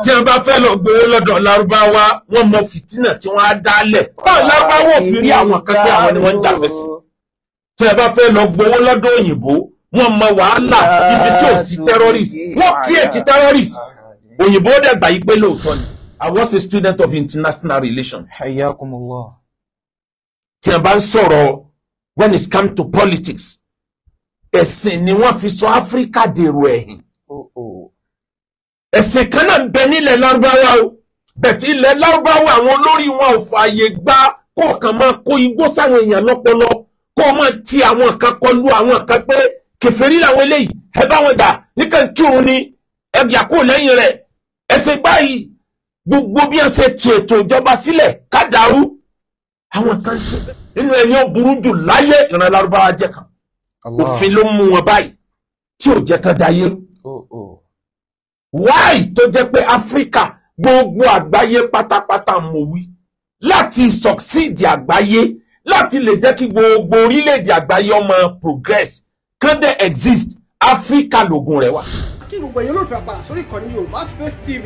tí wọn bá fẹ́ lọ gbowó lọ́dọ̀ lárúbáwá wọn mọ fìtínà tí wọn á dálẹ̀ báwọn lárúbáwá ò fi rí àwọn kan pé àwọn ni wọn ń jà tí wọn bá fẹ́ lọ gbowó lọ́dọ̀ òyìnbó wọn mọ wàhálà ibi tí ò sí terrorist wọn create terrorist òyìnbó dẹ̀gbà yìí pé lóòótọ́ ni I was a student of international relations. tí wọn bá ń sọ̀rọ̀ when it comes to politics ẹ̀sìn ni wọ́n fi sọ Áfíríkà dèrò ẹ̀hìn. Oh, oh ẹ̀sìn kan náà ń bẹ nílẹ̀ lárúbáwá o bẹ̀tí ilẹ̀ lárúbáwá àwọn olórí wọn ò fààyè gba kọ̀ọ̀kan máa kó igbó sáwọn èèyàn lọ́pọlọ kó máa ti àwọn kan kọlu àwọn kan pé kèfèrí làwọn eléyìí ẹ bá wọn dà nìkan kírun ni ẹ yà kúrò lẹ́yìn rẹ̀ ẹsẹ̀ báyìí gbogbo bí wọn ṣe tu ètò ìjọba sílẹ̀ kádàrú àwọn kan ṣe nínú ẹni ó burú jù láyé ìran lárúbáwá jẹ kan òfin ló mú wọn báyìí tí ò jẹ kan dayé. Oh, oh why tó jẹ́ pé áfíríkà gbogbo àgbáyé pátápátá mo wí láti succeed àgbáyé láti lè jẹ́ kí gbogbo orílẹ̀-èdè àgbáyé ọmọ progress kán dẹ̀ exist Africa lògùn rẹ̀ wà. kí gbogbo ẹ̀yin olóòfẹ́ àpàdà sórí ìkànnì Yorùbá Space TV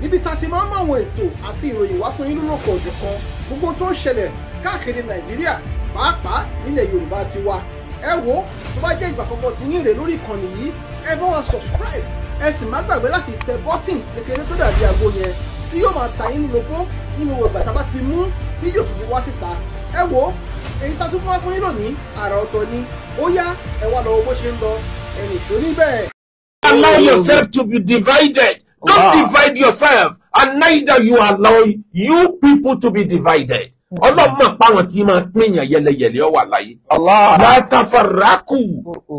níbi tá a ti máa ń mọ àwọn ètò àti ìròyìn wá fún yín lóko ọ̀dùn kan gbogbo tó ń ṣẹlẹ̀ káàkiri Nàìjíríà pàápàá nílẹ̀ Yorùbá ti wà ẹ wo tó bá jẹ́ ìgbà àkọ́kọ́ tí ní ìrè lórí ìkànnì yìí ẹ bá wa subscribe ẹ sì má gbàgbé láti tẹ bọ́tìn kékeré tó dàbí àgbo yẹn tí yóò máa ta yín lóko ní gbogbo ìgbà tá a bá ti mú fídíò tuntun wá síta ẹ wo èyí tá a tún fún wa fún yín lónìí àrà ọ̀tọ̀ ni ó yá ẹ wá lọ bó ṣe ń lọ ẹnì tó ní bẹ́ẹ̀. allow yourself to be divided don't wow. divide yourself and neither you allow you people to be divided ọlọ́run mọ̀ páwọn tí máa pín yàn yẹlẹyẹlẹ ọ wà láyé. látàfàràkù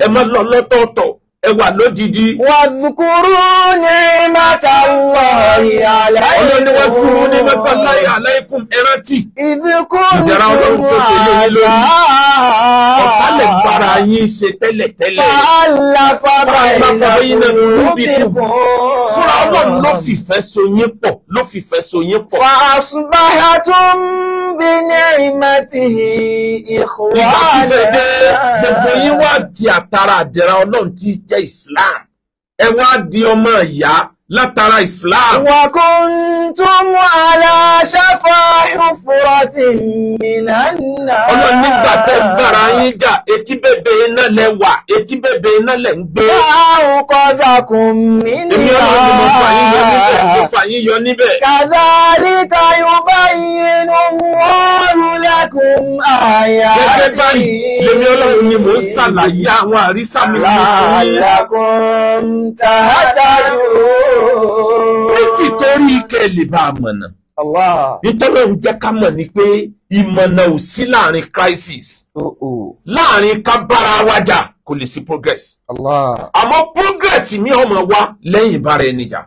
ẹ má lọ lọ́tọ̀ọ̀tọ̀ ẹ wà mata wàzùkúrú ní mẹ́ta lọ ìyàlẹ́. ọlọ́ni wàzùkúrú ní mẹ́ta lọ ìyàlẹ́ ikùn ẹrántí. ìdíkùrú ìdára ọlọ́run tó ṣe lé yín lórí. ọ̀tá lè para yín ṣe tẹ́lẹ̀tẹ́lẹ̀. fàlàfàbà ìlànà lóbìkún. fúnra ọlọ́run ló fìfẹ́ so yín pọ̀ ló fìfẹ́ so yín pọ̀. fàṣùbáyà tó ń bí ní ìmọ̀tìhì ìkùwà náà. ìgbà tí fẹ́ ti Islam ẹ wá di ọmọ ìyá látara islam. wa kuntum ala shafa hufratin minan nar. ọlọ́run nígbà tẹ́ ń bára yín jà etí bèbè iná lẹ wà etí bèbè iná lẹ ń gbé. báwo qadhakum minna. èmi ọlọ́run mo fà yín yọ níbẹ̀ mo fà yín yọ níbẹ̀. kadhalika yubayyinu Allahu lakum ayatihi. gẹ́gẹ́ báyìí lèmi ọlọ́run ni mò ń ṣàlàyé àwọn àrísà mi. làálàkùn tàhátàdùn ní tìtorí kẹ́ lè bá a mọ̀nà. nítorí òun jẹ́ ká mọ̀ ni pé ìmọ̀nà ò sí láàrin crisis láàrin ká bára wa jà kò lè sí progress. àmọ́ progress mi ọmọ wa lẹ́yìn ìbára ẹni jà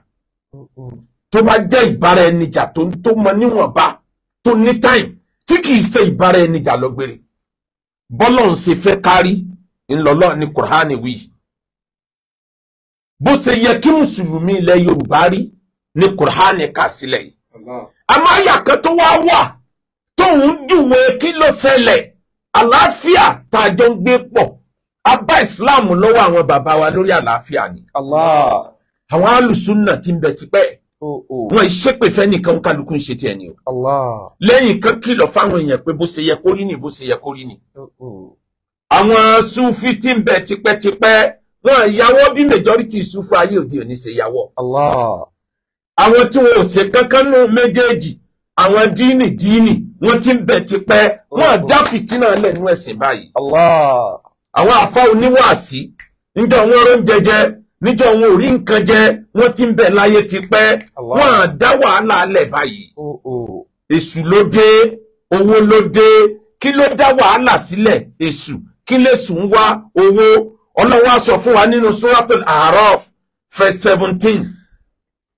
tó bá jẹ́ ìbára ẹni jà tó mọ níwọ̀nba tó ní time tí kì í ṣe ìbára ẹni jà lọ́gbẹ̀rẹ̀ bọ́lọ̀ ń ṣe fẹ́ kárí ńlọ́lọ́ ni kùránì wí bó ṣe yẹ kí mùsùlùmí ilẹ̀ yorùbá rí ni kùránì kà sílẹ̀ yìí àmọ́ àyà kan tó wá wà tóun júwe kí ló ṣẹlẹ̀ àlàáfíà tàjọ ń gbé pọ̀ abá islam lọ́wọ́ àwọn bàbá wa lórí àlàáfíà ni àwọn alùsùnà ti ń bẹ tipẹ́ oh, oh. wọn ìṣépè fẹ́nìkan kálukú ń ṣe tiẹ̀ ni o lẹ́yìn kan kìlọ̀ fáwọn èèyàn pé bó ṣe yẹ kó rí ni bó ṣe yẹ kó rí ni oh, àwọn sufi ti ń bẹ tipẹ́tipẹ́. wọn yàwọ́ bí majority sufa ayé òde òní ṣe yàwọ́. àwọn tí wọn ò ṣe kankan nù méjèèjì àwọn díìnì díìnì wọn ti ń bẹ tipẹ́ wọn dá fìtínà lẹ́nu ẹ̀sìn báyìí. àwọn àfa oníwàásí níjọ wọn ró ń jẹjẹ níjọ wọn ò rí nǹkan jẹ wọn ti ń bẹ láyé tipẹ́ wọn dá wàhálà lẹ báyìí. Oh, oh. èṣù ló dé owó ló dé kí ló dá wàhálà sílẹ̀ èṣù kí lèṣù ń wá owó. ọlọ́wọ́ sọ fún wa nínú suratul A'raf verse seventeen.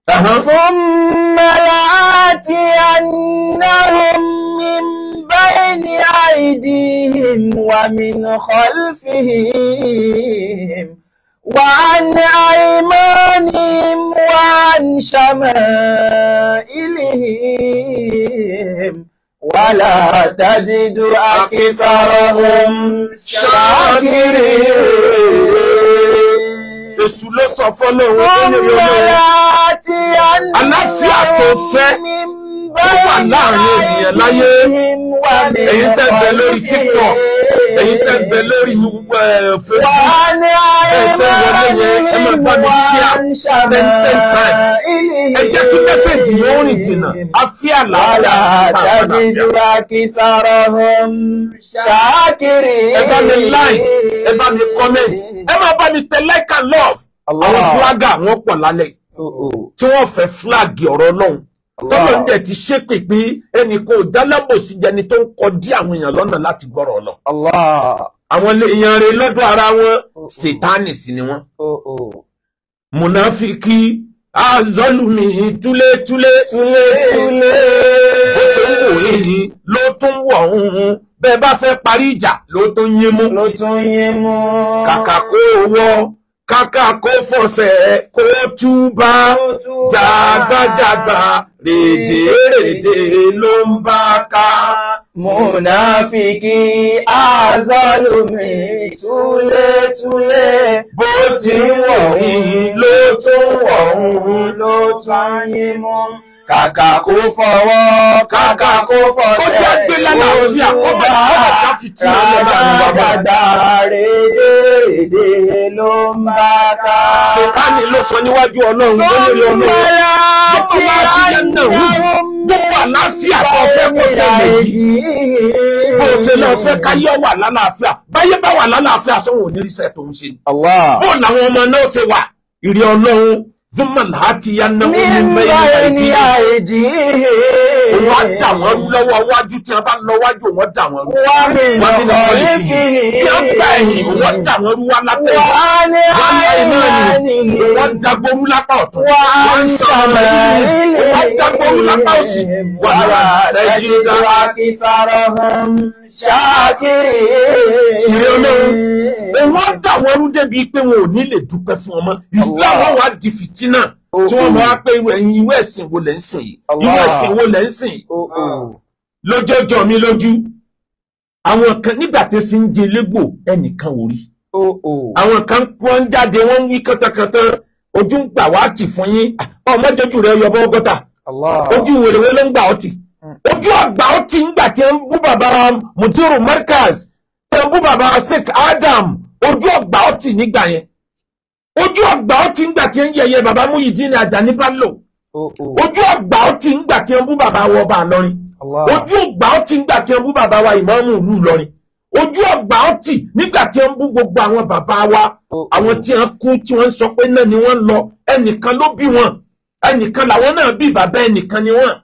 Thumma la'atiyannahum min bayni aydihim wa min khalfihim wa an aymanihim wa an shama'ilihim. ولا تجد أكثرهم شاكرين èṣù ló sọ fọ́lọ́wọ́ fọ́lọ́wọ́ aláfíà tó fẹ́ ó wà láàrin ènìyàn láyé èyí tẹ́ bẹ lórí tiktok ẹ̀yin tẹ́ gbẹ lórí Facebook ẹsẹ̀ wọlé yẹn ẹ máa bá mi share ten ten times ẹ jẹ́ kí mẹ́sẹ̀jì yóò rìn jìnnà àfi àlàáfíà àlàáfíà ẹ bá mi like ẹ bá mi comment ẹ máa bá mi tẹ like and love àwọn fúlágà wọn pọ̀ lálẹ́ oh, oh. tí wọ́n fẹ́ fúlágì ọ̀rọ̀ náà tọ́lọ̀ ń dẹ̀ ti ṣépè pé ẹnì kò dálábòsí jẹni tó ń kọdí àwọn èèyàn lọ́nà láti gbọ́rọ̀ lọ. àwọn èèyàn rẹ̀ lọ́dọ̀ ara wọn ṣètánì oh, oh. sí ni wọ́n. Oh, mùnàfíkì azọ́lùmí túlétúlé. túlétúlé. ó ṣe ń wò yìnyín ló tún wọ̀ ọ̀hún bẹ́ẹ̀ bá fẹ́ parí ìjà ló tún yín mú. ló tún yín mú. kàkà kó o wọ́ kàkà kó fọ̀sẹ̀ kó túbá rede rede ló ń bá ká. Mùnàfíkì àzọ́lùmí túlétúlé bó ti wọ̀hún ló tún wọ̀hún ló tún yín mú kàkà kó fọwọ́ kàkà kó fọsẹ̀ kó jẹ́ gbé lálàáfíà kó bá ọ̀gá fìtì rábàdàgbà rèdèrèdè ló ń bá ká. sèkánì ló sọ níwájú ọlọ́run lórí ọlọ́run bàbá àjílẹ̀ náà wù gbogbo àlàáfíà tó fẹ́ kó ṣẹlẹ̀ yìí bó ṣe lọ fẹ́ káyọ̀ wà lálàáfíà báyé bá wà lálàáfíà sóhun ò ní rí iṣẹ́ tó ń ṣe. bó làwọn ọmọ náà ṣe wà ìrì ọlọ́run zuman hati ya náwó ní bẹ́yìn àìdí olùwà dà wọ́n rú lọ́wọ́ wájú tí wọ́n bá lọ wájú wọ́n dà wọ́n rú wá mi lọ ìfihì bí wọ́n gbà ẹ̀yìn wọ́n dà wọ́n rú wá látẹ̀ wọ́n ní àìní wọ́n dagboru lápá ọ̀tún wọ́n ń sọ̀rọ̀ ẹ̀yìn wọ́n dagboru lápá òsì wọ́n lọ àtẹ̀jí dára. ṣáàkiri ìrẹ́lẹ́ wọ́n dà wọ́n rú débi pé wọn ò ní lè dúpẹ́ fún ọmọ Islam wọn wá di fìtínà oh, tí wọ́n máa oh. pé ìwé ẹ̀sìn wo lẹ́ ń sìn yìí ìwé ẹ̀sìn wo lẹ́ ń sìn yìí oh, lójoojọ́ mi lójú àwọn kan nígbà tí sí ń jẹ lẹ́gbò ẹnìkan ò rí àwọn kan wọ́n ń jáde wọ́n ń wí kọ́tàkọ́tà ojú ń gbà wá tì fún yín ah, ọmọjọ́jú rẹ̀ yọ bọ́ gọ́tà ojú wèrèwé ló ń gbà ọtí mm. ojú àgbà ọtí ń gbà tí ń bú bàbá mùtúrù markaz ń bú bàbá Sheikh Adam ojú ọgbà ọtí nígbà yẹn ojú ọgbà ọtí nígbà tí ń yẹyẹ bàbá Muyideen Ajani Bello oh, oh. ojú ọgbà ọtí nígbà tí ń bú bàbá wọ ọba Ìlọrin ojú ọgbà ọtí nígbà tí ń bú bàbá wa ìmọ̀ọ́mù ìlú Ìlọrin ojú ọgbà ọtí nígbà tí ń bú gbogbo àwọn bàbá wa oh, àwọn tí wọn kú tí wọn sọ pé náà ni wọn lọ ẹnìkan ló bí wọn ẹnìkan làwọn náà bí bàbá ẹnìkan ni wọn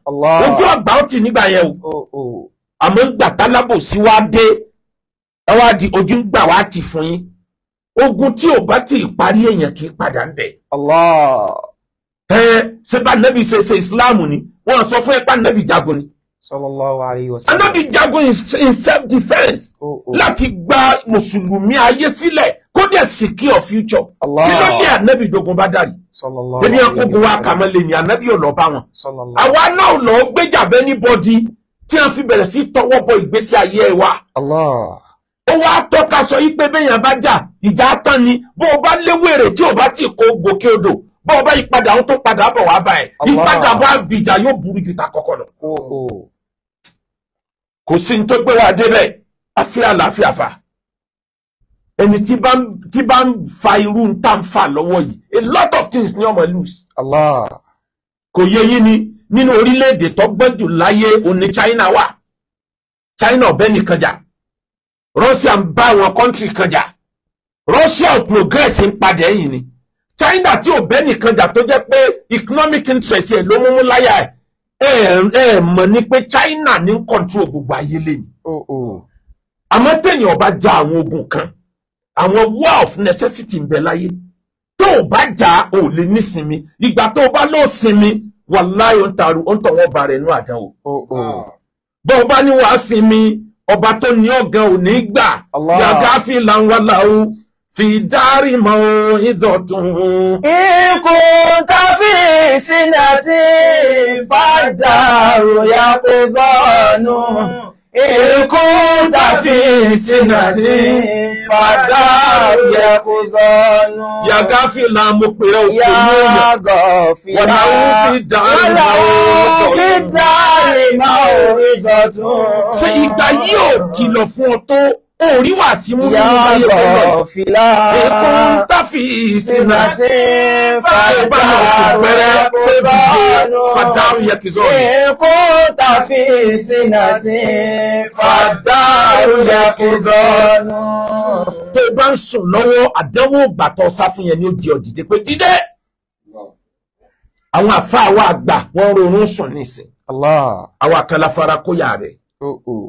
ojú ọgbà ọtí nígbà yẹn o àmọ́ ń gbà tálábòsí wá dé ẹ wá di ojú ń gbà wá ti fún yín ogun tí ò bá ti parí èèyàn kì í padà ń bẹ. ẹ ṣe bá nẹ́bí ṣe ṣe ìsìláàmù ni wọ́n sọ fún ẹ pa nẹ́bí jagun ni. sallallahu alayhi wa sallam. jagun in self defence oh, oh. láti gba mùsùlùmí ayé sílẹ̀ kó dẹ̀ secure future. kí ló ní ànẹ́bí dogun bá dàrí. ebi yẹn kókó wa kà mọ́ lè ní ànẹ́bí ò lọ bá wọn. àwa náà lọ gbéjà bẹ́ẹ̀ ní bọ́dí tí wọ́n fi bẹ̀rẹ̀ sí tọwọ́ bọ ìgbésí ayé wa. Allah ó wá tọ́ka sọ yí pé béèyàn bá jà ìjà tán ni bó o bá léwèrè tí o bá ti kó gòkè odò bó o bá ìpadà ohun tó padà bọ̀ wá bá ẹ̀ ìpadà bá bìjà yóò burú ju ta kọ́kọ́ lọ. Oh, oh. kò sí ní tó gbé wa débẹ̀ àfi àlàáfíà fa ẹni tí bá ń fa irú ń tà ń fà lọ́wọ́ yìí a lot of things ni ọmọ lose. kò yẹ yín ni nínú orílẹ̀-èdè tó gbẹ́jù láyé òní China wà China ọ̀bẹ nìkan jà. Russia ń bá àwọn country kan jà Russia ò progress ń padà ẹ̀yìn ni China tí ò bẹ́ẹ̀ nìkan jà tó jẹ́ pé economic interest ẹ̀ ló mú mú láyà ẹ̀ ẹ̀ mọ̀ ní pé China ní ń control gbogbo ayé lẹ́yìn oh, oh. àmọ́ téèyàn bá ja àwọn ogun kan àwọn war of necessity ń bẹ láyé tó o bá jà ò lè nísinmi ìgbà tó o bá lọ sinmi wàláyé ń taru ó ń tọwọ́ ba rẹ̀ nú àdánwò bó oh, o bá ní wàá sinmi ọba tó ní ọ̀gá ò ní gbà yàgá fi làǹwàlà o fi dárì mọ́ ìdọ̀tún. ikú táfí sínú àti fàdà ròyà pé gbọ́nù. إن في سنة فدا يقضان يا غافي لا مقبرة يا غافي ولا في دار ولا في دار موعظة ṣé ìgbà yìí ò kìlọ̀ fún ọ tó orí wà sí mú bí wọ́n yẹ sẹ́lọ̀ èkó ń tàfi ìsinmi àti fàgbà òtùpẹ̀rẹ̀ pébìgbé fàdáàrú yẹ kìí sọ̀rọ̀. èkó tàfi ìsinmi àti fàdáàrú yẹ kìí sọ̀rọ̀. tó o bá ń sùn lọ́wọ́ àdánwò gbàtọ̀ sá fún yẹn ni ó di ọ̀dìdẹ pé dídẹ́ àwọn àfa àwa àgbà wọn ronú sùn nísìn àwa kan la fara kóyà rẹ̀. Oh, oh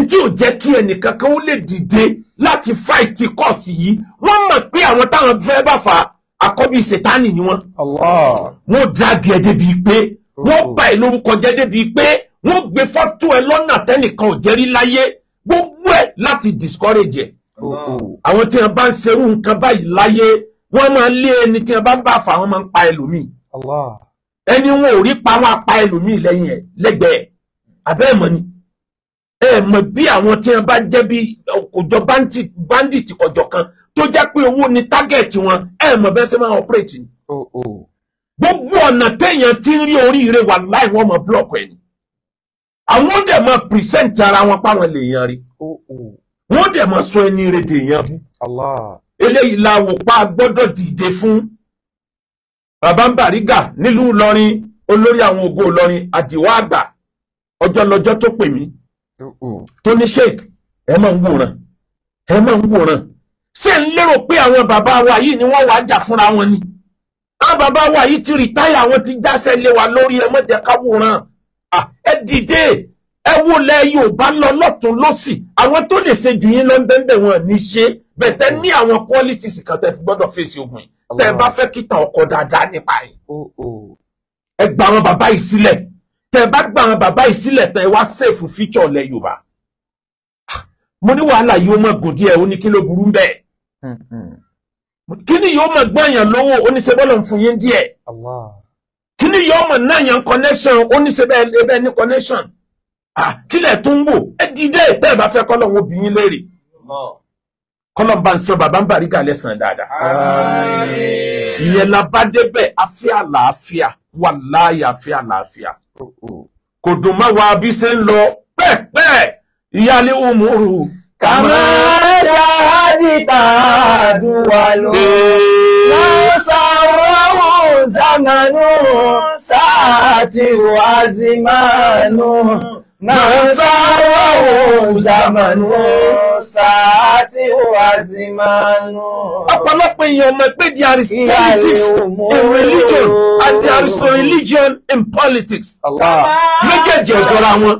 ntí ò jẹ́ kí ẹnìkan kan ó lè dìde láti fáìtì kọ́ọ̀sì yìí wọ́n mọ̀ pé àwọn táwọn fẹ́ bá fa àkọ́bí ṣètánì ni wọ́n. wọ́n dàgì ẹ débi pé wọ́n bá oh. ẹ lórúkọ jẹ́ débi pé wọ́n gbé fọ́tò ẹ lọ́nà tẹ́nìkan ò jẹ́rí láyé gbogbo ẹ láti discourage ẹ. Oh. àwọn tí wọ́n bá ń ṣerú nǹkan báyìí láyé wọ́n máa lé ẹni tí wọ́n bá bá fa wọ́n máa ń pa ẹlòmíì. ẹni wọn ò rí pa wọn apá ẹlòmíì lẹ́yìn ẹ lẹ́gbẹ̀ẹ́ abẹ́ ẹ̀ ni ẹ mọ̀ bí àwọn tí wọ́n bá jẹ́ bí kòjọ bandit kọjọ kan tó jẹ́ pé owó ni target wọn ẹ mọ̀ bẹ́ẹ̀ ṣe máa operate ni. gbogbo ọ̀nà téèyàn ti ń rí oríire wà láì wọ́n mọ̀ block ẹ̀ ni. àwọn dẹ̀ mọ̀ present ara wọn páwọn lèèyàn rí. wọ́n dẹ̀ mọ̀ sọ ẹni rẹ̀ dèèyàn bú. eléyìí la wò pa gbọ́dọ̀ dìde fún. bàbá ń Bàrígà nílùú Ìlọrin olórí àwọn ògo Ìlọrin àdìwọ́ àgbà ọjọ́ lọ́jọ́ tó pè mí Tony ní sheik ẹ máa ń wòran ẹ máa ń wòran ṣé ń lérò pé àwọn bàbá wa yìí ni wọ́n wàá jà fúnra wọn ni àwọn bàbá wa yìí ti rìtáyà àwọn ti jáṣẹ́ lé wa lórí ẹ má jẹ́ ká wòran ẹ dìde ẹ wò lẹ Yorùbá lọ lọ́tún lọ́sì àwọn tó lè ṣe jù yín lọ ń bẹ́ẹ̀ wọn ní ṣe bẹ̀tẹ̀ ní àwọn qualities kan tẹ́ fi gbọ́dọ̀ fèsì ogun yìí tẹ́ ẹ bá fẹ́ kíta ọkọ̀ dáadáa nípa yìí oh, oh. ẹ gba àwọn bàbá yìí sílẹ̀ tẹ bá gba àwọn bàbá yìí sílẹ̀ tẹ wá sèfù fíjọ lẹ yorùbá ah, mo ní wàhálà yìí ó mọ gùn díẹ̀ ó ní kí ló burú bẹ́ẹ̀ hmm, hmm. kí ni yóò mọ gbọ́n yàn lọ́wọ́ oníṣẹ́bọ́lọ̀ ń fún yín díẹ̀ kí yóò mọ náà yàn connection oníṣẹ́bẹ́ẹ́ ní connection ah, kílẹ̀ tó ń wò ẹ dìde tẹ́ ẹ bá fẹ́ kọ́ lọ́wọ́ obìnrin léèrè kọ́lọ̀ bá ń san bàbá ń bàrí gàlẹ́ san dáadáa ìyẹn la bá àlàáfíà wà láàyè àlàáfíà kò dùn mọ́ wa bí ṣe ń lọ pẹ́ẹ́pẹ́ ìyáálé òmùrù. kàmá ṣáájì tàdúrà ló lọ́sàrọ́wọ́ zamanu sáà tí wàá zimanu. Nàṣàwọ̀ Zàmánú Sàátì Wàzìmánú. Ọ̀pọ̀lọpọ̀ èèyàn mọ̀ pé there is in religion and there is religion in politics. Méjèèjì ò jọra wọn,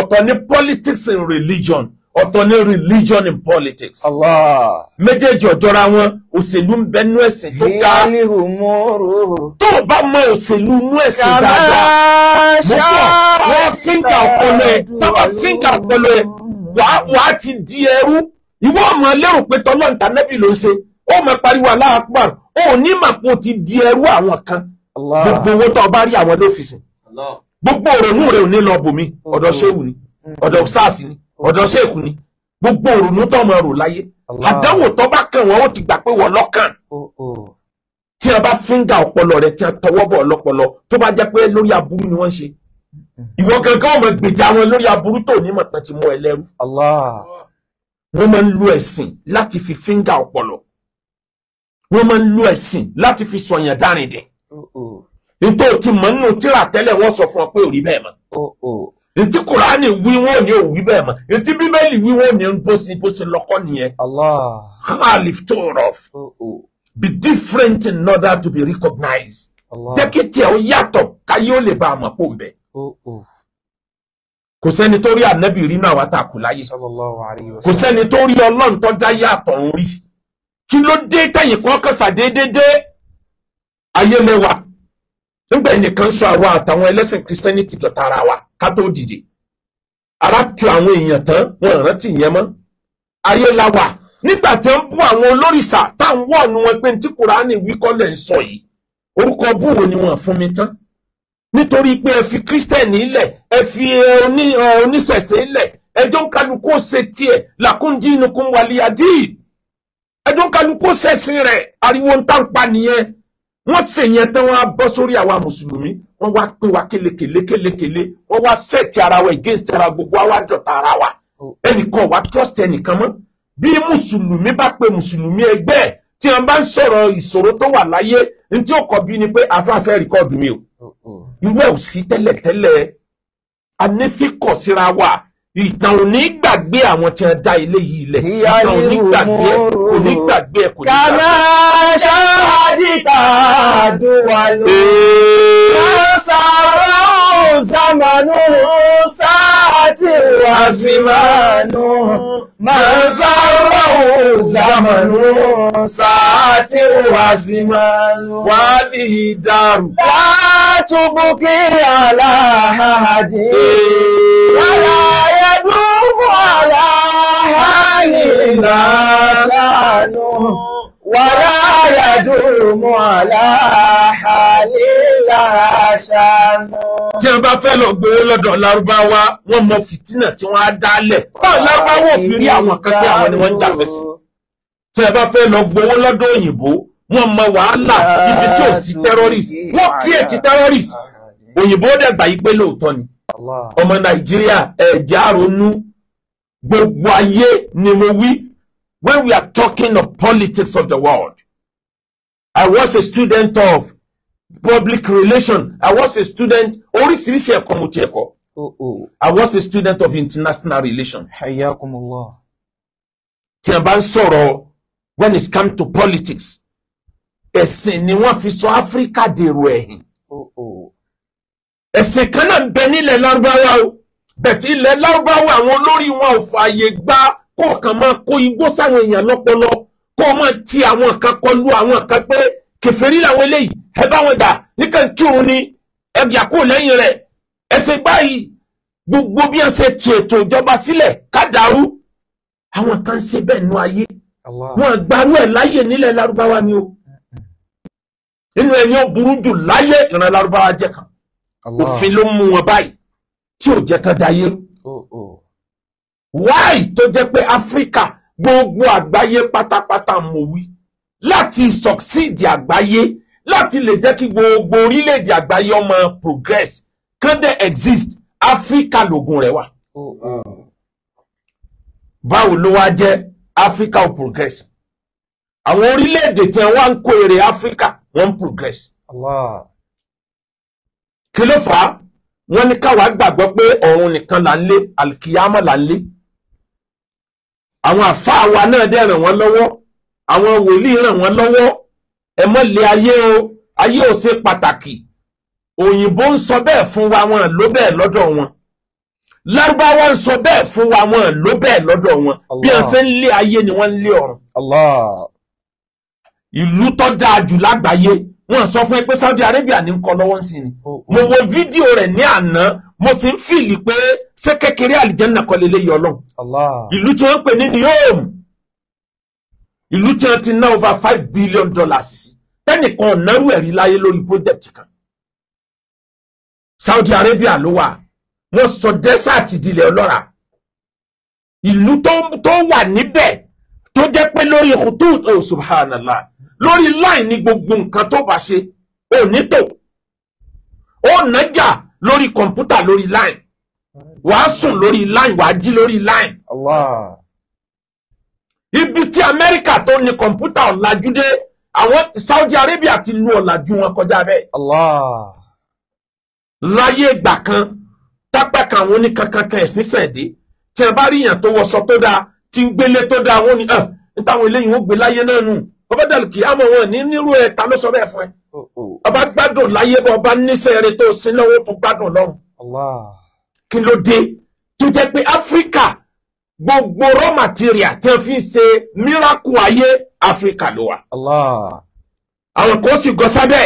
ọ̀tọ̀ ni politics in religion ọ̀tọ̀ ní religion and politics. Allah. méjèèjì ọ̀jọ́ra wọn òṣèlú ń bẹ nú ẹ̀sìn tó ká. ìyáálé òmòrò. tó o bá mọ òṣèlú nú ẹ̀sìn dáadáa. mo bọ̀ wọ́n fíńgà ọpọlọ ẹ̀ tábà fíńgà ọpọlọ ẹ̀ wàá ti di ẹrú. ìwọ ọmọ lérò pé tọ́lọ́ǹta nẹ́bì ló ń ṣe ó máa pariwo aláàpàr ó ní màpò ti di ẹrú àwọn kan. gbogbo owó tó o bá rí àwọn lófìsìn. gbogbo òrònú rẹ ò ní lọ bòmí ọ̀dọ̀ ṣéwù ni mm. ọ̀dọ̀ sars ni ọ̀dọ̀ ṣéèkù ni gbogbo òrònú tó máa rò láyé àdánwò tó bá kàn wọ́n ó ti gbà pé wọ́n lọ́kàn oh, oh. tí a bá fíńgà ọpọlọ rẹ tí a tọwọ́ bọ̀ lọ́pọlọ tó bá jẹ́ pé lórí aburú ni wọ́n ṣe mm-hmm. ìwọ kankan wọn máa gbèjà wọn lórí aburú tó ní mọ̀tàn ti mú ẹ lẹ́rú wọ́n máa ń lo ẹ̀sìn láti fi fíńgà ọpọlọ wọ́n máa ń lo ẹ̀sìn láti fi sọ̀yàn dárìndín oh, nítorí tí mọ̀ nínú tíra tẹ́lẹ̀ wọ́n sọ fún ọ pé ò rí bẹ́ẹ̀ mọ́ ntí kuraani wí wọn ni òwí bẹ́ẹ̀ mọ ntí bíbélì wí wọn ni bósi bósi lọkọ nìyẹn. khalif torof be different in order to be recognized. jẹ́kìtì ẹ̀ ó yàtọ̀ káyé ó lè bá a mọ̀ pò ń bẹ̀. kò sẹ́ni tó rí ànábì rí náà wá tà kù láyé. kò sẹ́ni tó rí ọlọ́run tó dá yàtọ̀ ń rí. kí ló dé tẹ̀yìn kan kẹsà déédéé ayé lẹ́wà nígbà ẹnìkan sọ àwa àtàwọn ẹlẹ́sìn kristẹni ti ara wa ká tó dìde ara tu àwọn èèyàn tán wọn rántí yẹn mọ́ ayé la wà nígbà tí wọ́n bú àwọn olórìṣà táwọn wọ́ọ̀nù wọn pé tí kùránì wíkọ́lẹ̀ ń sọ yìí orúkọ búwo ni wọ́n fún mi tán nítorí pé ẹ fi kristẹni ilẹ̀ ẹ fi oníṣẹ̀ṣe ilẹ̀ ẹjọ́ ń kálukú ṣe tiẹ̀ làkúndí inú kún wàlíyàdí ẹjọ́ ń kálukú ṣẹ̀sìn rẹ̀ ariwo ń tàn pa nìyẹn wọ́n ṣe yẹn tán wọ́n á bọ́ sórí àwa mùsùlùmí wọ́n wá pín wa kélekélékélékélé wọ́n wá sẹ́ẹ̀tì ara wa against ara gbogbo àwa dọ̀tá ara wa oh. ẹnìkan wa trust ẹnìkan mọ́ bí mùsùlùmí bá pe mùsùlùmí ẹgbẹ́ ẹ̀ tí wọ́n bá ń sọ̀rọ̀ ìṣòro tó wà láyé ní ó kọ bí ni pé àfáàṣẹ rìkọ́ọ̀dù mi o ìwé oh, oh. ò sí tẹ́lẹ̀tẹ́lẹ̀ síra wa ìtàn ò ní gbàgbé àwọn tí wọn dá ilé yìí lẹ̀ ìtàn ò ní gbàgbé ẹ kò ní gbàgbé ẹ kò ní gbàgbé. kàmá ṣáàdìtà àdúrà ló ń sàrọ̀ zamanu ti wà sí mánú máa sáwọ́ zamanu sáà ti wà sí mánú. wà á ala ìdarù. látúbù kí wala wàlá yẹdùnmù aláhàlì lásánú wàlá lára ṣàánú. tí wọ́n bá fẹ́ lọ gbowó lọ́dọ̀ lárúbáwá wọ́n mọ fìtínà tí wọ́n á dálẹ̀ báwo lárúbáwá ò fi rí àwọn kan pé àwọn ni wọ́n ń jàfẹ́ sí. tí wọ́n bá fẹ́ lọ gbowó lọ́dọ̀ òyìnbó wọ́n mọ wàhálà ibi tí ò sí terrorist wọ́n create terrorist òyìnbó dẹ̀gbà yí pé lóòótọ́ ni ọmọ nàìjíríà ẹ̀já ronú gbogbo ayé ni mo wí when we are talking of politics of the world I was a student of public relation I was a student oríṣiríṣi ẹ̀kọ́ mo ti ẹ̀kọ́ oh, oh. I was a student of international relation. Hayyakumullah. tí a bá ń sọ̀rọ̀ when it comes to politics ẹ̀sìn ni wọ́n fi sọ Áfíríkà dèrò ẹ̀hìn. Oh, ẹ̀sìn kan náà ń bẹ nílẹ̀ lárúbáwá o bẹ̀tí ilẹ̀ lárúbáwá àwọn olórí wọn ò fààyè gba kọ̀ọ̀kan máa kó igbó sáwọn èèyàn lọ́pọlọ kó máa ti àwọn kan kọlu àwọn kan pé kèfèrí làwọn eléyìí ẹ bá wọn jà nìkan kírun ni ẹ yà kó lẹ́yìn rẹ̀ ẹsẹ̀ báyìí gbogbo bí wọn ṣe tu ètò ìjọba sílẹ̀ kádàrú àwọn kan ṣe bẹ́ẹ̀ nu ayé wọn gbarú ẹ̀ láyè nílẹ̀ lárúbáwá ni o nínú ẹ̀yìn ó jù láyé ìran lárúbáwá jẹ́ kan òfin ló mú wọn báyìí tí ò jẹ́ kan dayé oh, oh. wáì tó jẹ́ pé áfíríkà gbogbo àgbáyé pátápátá mọ̀ wí láti succeed àgbáyé láti lè jẹ́ kí gbogbo orílẹ̀-èdè àgbáyé ọmọ progress kán dẹ̀ exist áfíríkà lògùn rẹ̀ wà. báwo ló wá jẹ́ áfíríkà ò progress àwọn orílẹ̀-èdè tí wọ́n ń kó èrè áfíríkà wọ́n ń progress. Allah. kí ló fà á wọ́n ní káwa gbàgbọ́ pé ọ̀run nìkan là ń lé alkiyama là ń lé àwọn àfáà wa náà dẹ̀ ràn wọ́n lọ́wọ́ àwọn wòlíì ràn wọ́n lọ́wọ́ ẹ mọ́ lé ayé o ayé ò ṣe pàtàkì òyìnbó ń sọ bẹ́ẹ̀ fún wa wọn ló bẹ́ẹ̀ lọ́dọ̀ wọn lárúbáwá ń sọ bẹ́ẹ̀ fún wa wọn ló bẹ́ẹ̀ lọ́dọ̀ wọn bí wọ́n ṣe ń lé ayé ni wọ́n ń lé ọ̀run. ìlú tó dáa jù lágbàáyé wọ́n sọ fún ẹ pé Saudi Arabia ní ń kọ lọ́wọ́ sí ni oh, oh. mo wo fídíò rẹ̀ ní àná mo sì ń fìlì pé ṣé kékeré àlìjẹ́ nàkọ́ lélẹ́yìí ọlọ́run ìlú tí wọ́n ń pè ní Neom ìlú tí wọ́n ti ná over five billion dollars sí tẹ́nìkan ọ̀nàrú ẹ̀rí láyé lórí project kan Saudi Arabia ló wà wọ́n sọ desert dilẹ̀ ọlọ́ra ìlú tó wà níbẹ̀ tó jẹ́ pé lórí khutut oh subhanallah lórí line ní gbogbo nǹkan tó bá ṣe ò ní tò ó nájà lórí kọ̀ǹpútà lórí line wàá sùn lórí line wàá jí lórí line. Allah ibi tí amẹ́ríkà tó ní kọ̀ǹpútà ọ̀làjú dé àwọn saudi arabia ti lu ọ̀làjú wọn kọjá bẹ́ẹ̀. láyé ìgbà kan tápá kan àwọn oníkankankan ẹ̀sìn sẹ̀dé tí a bá rí èèyàn tó wọṣọ tó dáa tí ń gbélé tó dáa wọn ni ẹ nítawọn eléyìí wọn gbé láyé náà nù bàbá dàlùkì àmọ́ wọn ní nírú ẹ ta ló sọ bẹ́ẹ̀ fún ẹ oh, oh. ọba gbádùn láyé bọ ọba níṣẹ́ rẹ̀ tó sin lọ́wọ́ tó gbádùn lọ́run kí ló dé tó jẹ́ pé áfíríkà gbogbo raw material tẹ́ fi ṣe miracle ayé Africa. ló wà. àwọn kan sì gọ sábẹ́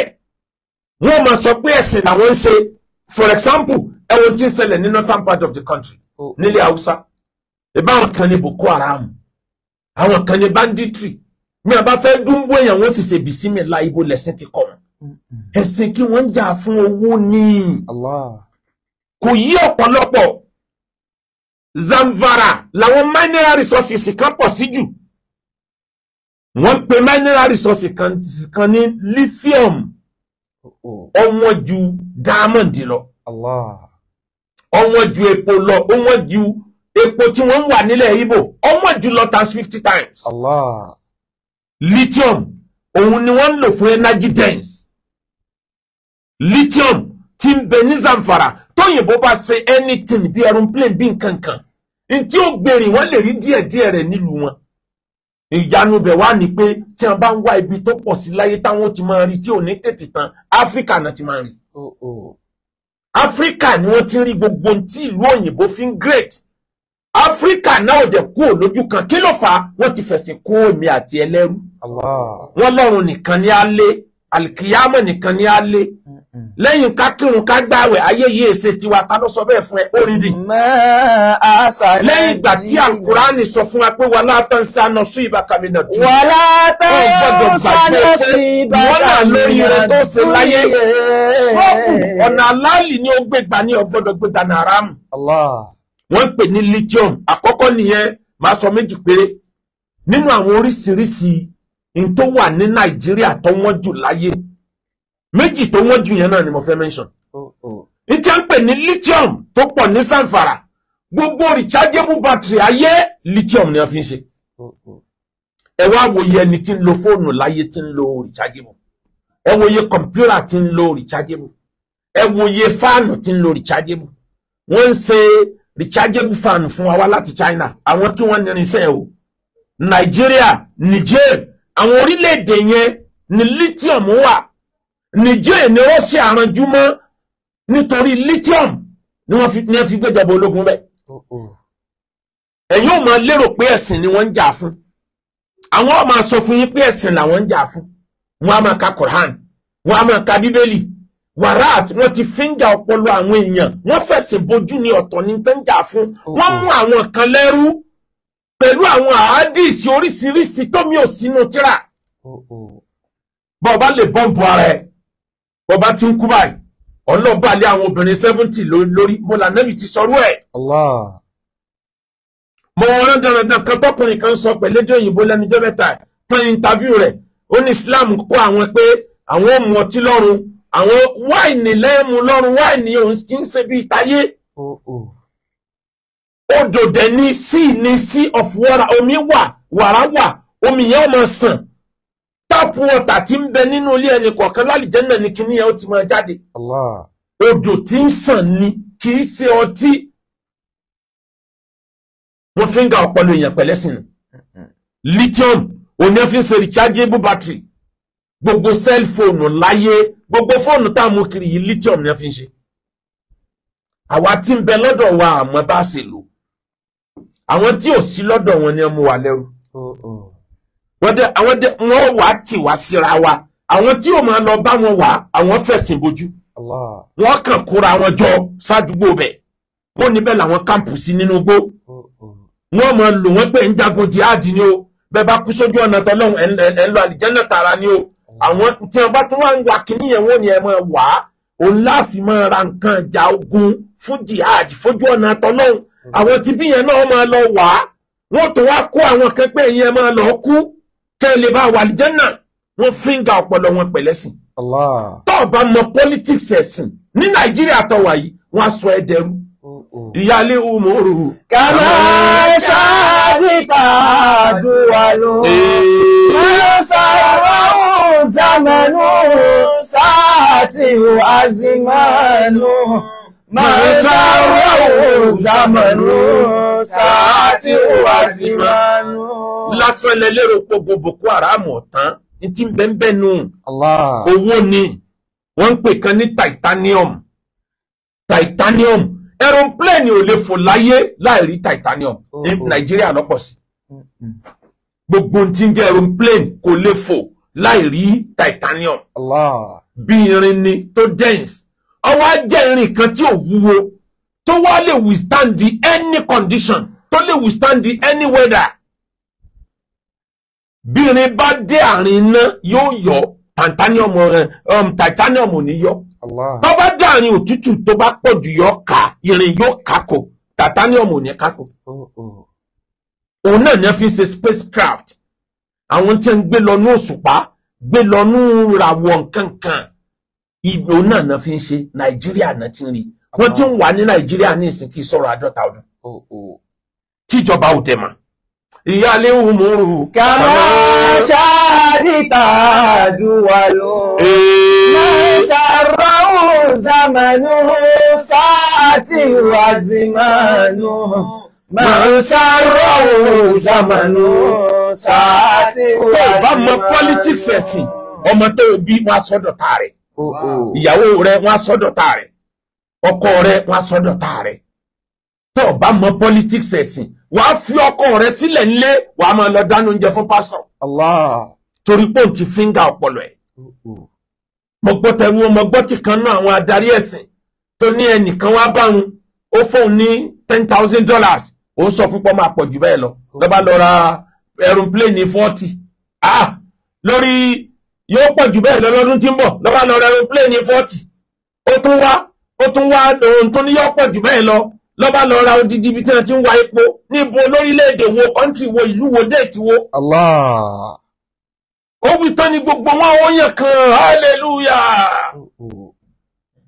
wọ́n máa sọ pé ẹ̀sìn làwọn ń ṣe for example ẹ̀wọ̀n tí ń ṣẹlẹ̀ ní northern part of the country oh. nílẹ̀ haúsá ìbáwọn kan ní boko haram àwọn kan ní banditry mi àbá fẹ́ dúnbó èèyàn wọ́n sì ṣe bìsímì la ibo lẹ́sìn ti kọ̀ wọ́n ẹ̀sìn kí wọ́n jà fún owó ní kò yí ọ̀pọ̀lọpọ̀ Zamfara làwọn mineral resources kan pọ̀ sí jù wọ́n pe mineral resources kan, ní lithium ọ̀wọ́n ju diamond lọ ọ̀wọ́n ju epo lọ ọ̀wọ́n ju epo tí wọ́n ń wà nílẹ̀ Ìbò ọ̀wọ́n ju lọ times fifty times Allah. lithium òun ni wọ́n ń lò fún energy dense lithium tí ń bẹ ní Zamfara tóyìnbó bá ṣe anything bí aeroplane bí nǹkan kan ntí ó gbèrè wọn lè rí díẹ̀díẹ̀ rẹ̀ nílùú wọn ìyanu bẹ̀ wá ni pé tí wọn bá ń wá ibi tó pọ̀ sí láyé táwọn ti máa rí tí ò ní tètè tán áfíríkà náà ti máa rí oh, oh. áfíríkà ni wọ́n ti rí gbogbo tí ìlú òyìnbó fi ń great áfíríkà náà ò dẹ̀ kú òlójú kan kí ló fà á wọ́n ti fẹ̀sìn kó èmi àti ẹlẹ́rú wọ́n lọ́run nìkan ni á lé àlìkìyámọ̀ nìkan ni á lé. Mm. lẹ́yìn ká kírun ká gbààwẹ̀ ayé yìí èsè tiwa ta ló sọ bẹ́ẹ̀ fún ẹ ó rírì. lẹ́yìn ìgbà tí àkùránì sọ fún wa pé wà látàn sáná sí ìbákami náà wà látàn sáná sí ìbákami náà wọ́n náà láyé sọ́ọ̀kù ọ̀nà aláàlì ni ó ní ọgbọ́dọ̀ aráàmù. wọ́n pè ní lithium àkọ́kọ́ nìyẹn máa sọ méjì péré nínú àwọn oríṣiríṣi méjì tó wọ́n jù yẹn náà ni mo fẹ́ mention. ní oh, oh. tí ń pè ní lithium tó pọ̀ ní sanfara gbogbo rechargeable battery ayé lithium ni a fi ń ṣe. Oh, ẹ wá wòye ẹni tí ń lo fóònù láyé tí ń lo rechargeable ẹ wòye kọ̀mpútà tí ń lo rechargeable ẹ wòye fáànù tí ń lo rechargeable wọ́n ń ṣe rechargeable fáànù fún wa wá láti China àwọn kí wọ́n nírin iṣẹ́ o Nàìjíríà Niger àwọn orílẹ̀-èdè yẹn ni lithium wà. Niger ni wọ́n ṣe àranjú mọ́ nítorí lithium ni wọ́n fi ní fi gbéjọba ológun bẹ́ẹ̀. ẹ̀yin ò máa lérò pé ẹ̀sìn ni wọ́n ń jà fún àwọn ọ̀ máa sọ fún yín pé ẹ̀sìn làwọn ń jà fún wọn á máa ka Quran wọn á máa ka Bíbélì wàràs wọn ti fíńgà ọpọlọ àwọn èèyàn wọn fẹ̀sìn bojú ní ọ̀tọ̀ ní tó ń jà fún wọn mú àwọn kan lẹ́rú pẹ̀lú àwọn àádìsí oríṣiríṣi tómi ò sínú tíra bọ́ọ̀ bá lè bọ́ǹbù ara ẹ̀ bọba ti ń kú báyìí ọlọ́ba lé àwọn obìnrin seventy lórí mo là ti sọrú ẹ̀. mo rán dandan kan tọkùnrin kan sọ pẹ̀lú èdè òyìnbó lẹ́nu mẹ́ta tán interview rẹ̀ ó ní Islam kọ́ àwọn pé àwọn ò ọtí lọ́rùn àwọn wáìnì lẹ́ẹ̀mú lọ́rùn wáìnì òun kì í ṣe bíi táyé. Oh, oh. odò ni sí ni sí of omi wà wàrà wà omi yẹn ó máa sàn táàpù ọ̀tà tí ń bẹ nínú ilé ẹni kọ̀ọ̀kan lálìjẹ́nà ni kíní yẹn ó ti máa jáde. odò tí ń sàn ni kì í ṣe ọtí. wọ́n fi ń ga ọpọlọ èèyàn pẹ̀lẹ́sìn ni. lithium òní ẹ fi ń ṣe rechargeable battery gbogbo cell phone láyé gbogbo fóònù tá a mú kiri yìí lithium ni ẹ fi ń ṣe. àwa tí ń bẹ lọ́dọ̀ wa àmọ́ bá ṣe lò àwọn tí ò sí lọ́dọ̀ wọn ni ẹ mú wa lẹ́rù. Oh, oh wọ́dẹ àwọn dẹ wọ́n wà á tì wá síra wa àwọn tí ò máa lọ bá wọn wà àwọn fẹ̀sìn bojú wọ́n kàn kóra wọn jọ sádùúgbò bẹ̀ wọ́n níbẹ̀ làwọn kámpùsì nínú gbó wọ́n máa lò wọ́n pé ń jagun jihadi ni o bẹ́ẹ̀ bá kú sójú ọ̀nà tọ́lọ́hún ẹ̀ ń lọ àlìjẹ́nà tààrà ni o àwọn tí wọ́n bá tún wá ń wà kíní yẹn wọ́n ní ẹ máa wà á òun láàfin máa ra nǹkan ìjà ogun fún jihadi fojú ọ̀nà tọ́lọ́hún mm-hmm. àwọn tí bí yẹn náà máa lọ wà á wọ́n tó wá kó àwọn kan pé ìyẹn máa lọ kú kẹ́ bá wà àlìjánà wọ́n fíńgà ọpọlọ wọn pẹ̀lẹ́sìn. tó o bá mọ politics ẹ̀sìn ní nàìjíríà tó wà yìí wọ́n á sọ ẹ dẹrú. ìyáálé umoru. kàmá ṣáàbìkà àdúrà ló máa ṣàrọ̀ zamanu sáà tí ò azimanu. Màsáwọ̀ òzàmọ̀nù sàátì wà sí mánú. Lásán lẹ lérò pé Boko Haram ọ̀tán ní ti ń bẹ́ńbẹ́ nù. Owó ni wọ́n ń pè kan ní titanium. Titanium aeroplane ò lè fò láyé láì rí titanium oh, ní oh. Nàìjíríà lọ́pọ̀ sí. Gbogbo tí ń jẹ́ aeroplane kò lè fò láì rí titanium. Bí irin ni tó dense ọwọ́ ajẹ́ irin kan tí ò wúwo tó wá lè withstand the any condition tó lè withstand the any weather bí irin bá dé àárín iná yóò yọ titanium rẹ um, titanium ò ní yọ tó bá dé àárín òtútù tó bá pọ̀ jù yọ ká irin yóò kákò titanium ò ní kákò oh, oh. òun náà ní a fi ṣe spacecraft àwọn tí ń gbé lọ ní òṣùpá gbé lọ ní ràwọ̀ nǹkan kan Ìgbò náà náà fi ń ṣe Nàìjíríà náà ti ń rí wọ́n ti ń wà ní Nàìjíríà ní ìsìn kí sọ̀rọ̀ àádọ́ta ọdún oh, oh. tíjọba ò tẹ̀ mọ́ ìyáálé ń mú rú. kàmá ṣáàdìtà àdúrà ló máa ṣàrọ̀hún zamanu sáàtì wàzìmánu máa ṣàrọ̀hún zamanu sáàtì wàzìmánu. tó o bá mọ politics ẹ̀sìn ọmọ tó o bí wọn aṣọ dọ̀tà rẹ̀ ìyàwó rẹ wọn á sọ dọ̀tá rẹ ọkọ rẹ wọn á sọ dọ̀tá rẹ tó o bá mọ politics ẹ̀sìn wà á fi ọkọ rẹ sílẹ̀ nílé wà á máa lọ dáná oúnjẹ fún pásítọ̀ torí pé òun ti fíńgà ọpọlọ ẹ̀ uh-uh. mo gbọ́ tẹ̀wé mo gbọ́ tí kan náà àwọn adarí ẹ̀sìn tó ní ẹnìkan wá bá wọn ó fóun ní ten thousand dollars ó sọ fún pọ́ máa pọ̀ jù bẹ́ẹ̀ lọ lọ́ba lọ ra aeroplane forty ah lórí yóò pọ̀ jù bẹ́ẹ̀ lọ́dún tí ń bọ̀ lọ́ba lọ rẹrun pléènì fọ́ọ̀tì ó tún wá ó tún wá ohun tó ní yóò pọ̀ jù bẹ́ẹ̀ lọ lọ́ba lọ ra odidi ibi tí wọ́n ti ń wa epo níbo lórílẹ̀‐èdè wo kọ́ńtì wo ìlú wo déètì wo. ó wí tán ni gbogbo wọn ó yàn kan hallelujah.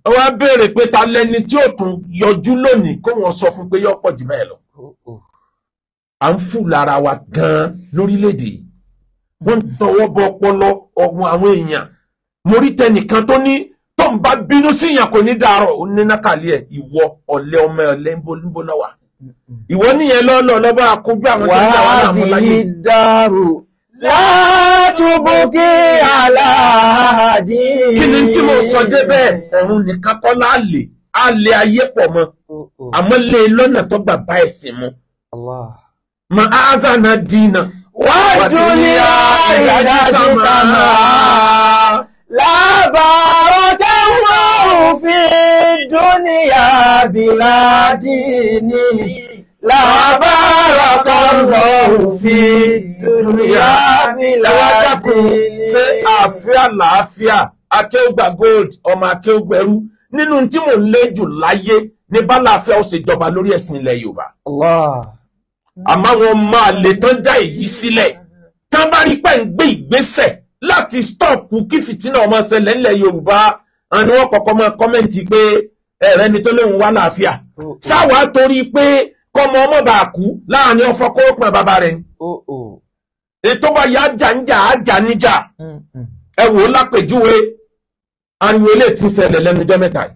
ó wá béèrè pé ta lẹni tí ó tún yọjú lónìí kó wọn sọ fún pé yóò pọ̀ jù bẹ́ẹ̀ lọ. Uh-uh. à ń fù lára wa gan-an lórílẹ̀‐èdè yìí wọ́n ń tọwọ́ bọ ọpọlọ ọgbọ́n àwọn èèyàn mo rí tẹnìkan tó ní tó ń bá bínú síyàn kò ní dàárọ̀ ó ní nákàlí ẹ̀ ìwọ ọ̀lẹ ọmọ ọ̀lẹ ńbó lọ́wà ìwọ nìyẹn lọ́lọ́ lọ́ba àkójú àwọn tó ń dá wà láàmú láyé. wàá fi dàrú látúbùkì aláàdì. kí ni tí mo sọ débẹ̀ ọ̀run nìkan kọ́ láàlè àlè ayé pọ̀ mọ́ oh, oh. àmọ́ lé e lọ́nà tó gbà bá ẹ̀sìn mu. ma azana dina wàdúnyà ìdájọ́ kàmá lábàárọ̀ tẹ́ wọ́n òfin dúnyà bìládì ni lábàárọ̀ kan lọ òfin dúnyà ni. ṣé àfíà làáfíà akéwùgbà gold ọmọ akéwùgbẹrú nínú tí mò ń lé jù láyé ní bá làáfíà ó ṣe lórí ẹ̀sìn ilẹ̀ yorùbá àmọ́ wọn máa lè tán já èyí sílẹ̀ tán bá rí pẹ́ ń gbé ìgbésẹ̀ láti stọ́ọ̀pù kí fìtínà ọmọ ṣẹlẹ̀ ńlẹ̀ Yorùbá ni wọ́n kọ́kọ́ máa kọ́mẹ́ǹtì pé ẹ̀rẹ́ ni tó lóun wá láàfíà sáwà oh, oh. torí pé kọ́mọ ọmọ bá kú láàrin ọfọ kórópọn bàbá rẹ̀ ni oh, ètò bá yà ájà níjà ájà mm, níjà mm. ẹ wò ó lápèjúwe ariwo ilé ti ṣẹlẹ̀ lẹ́nu ọjọ́ mẹ́ta yìí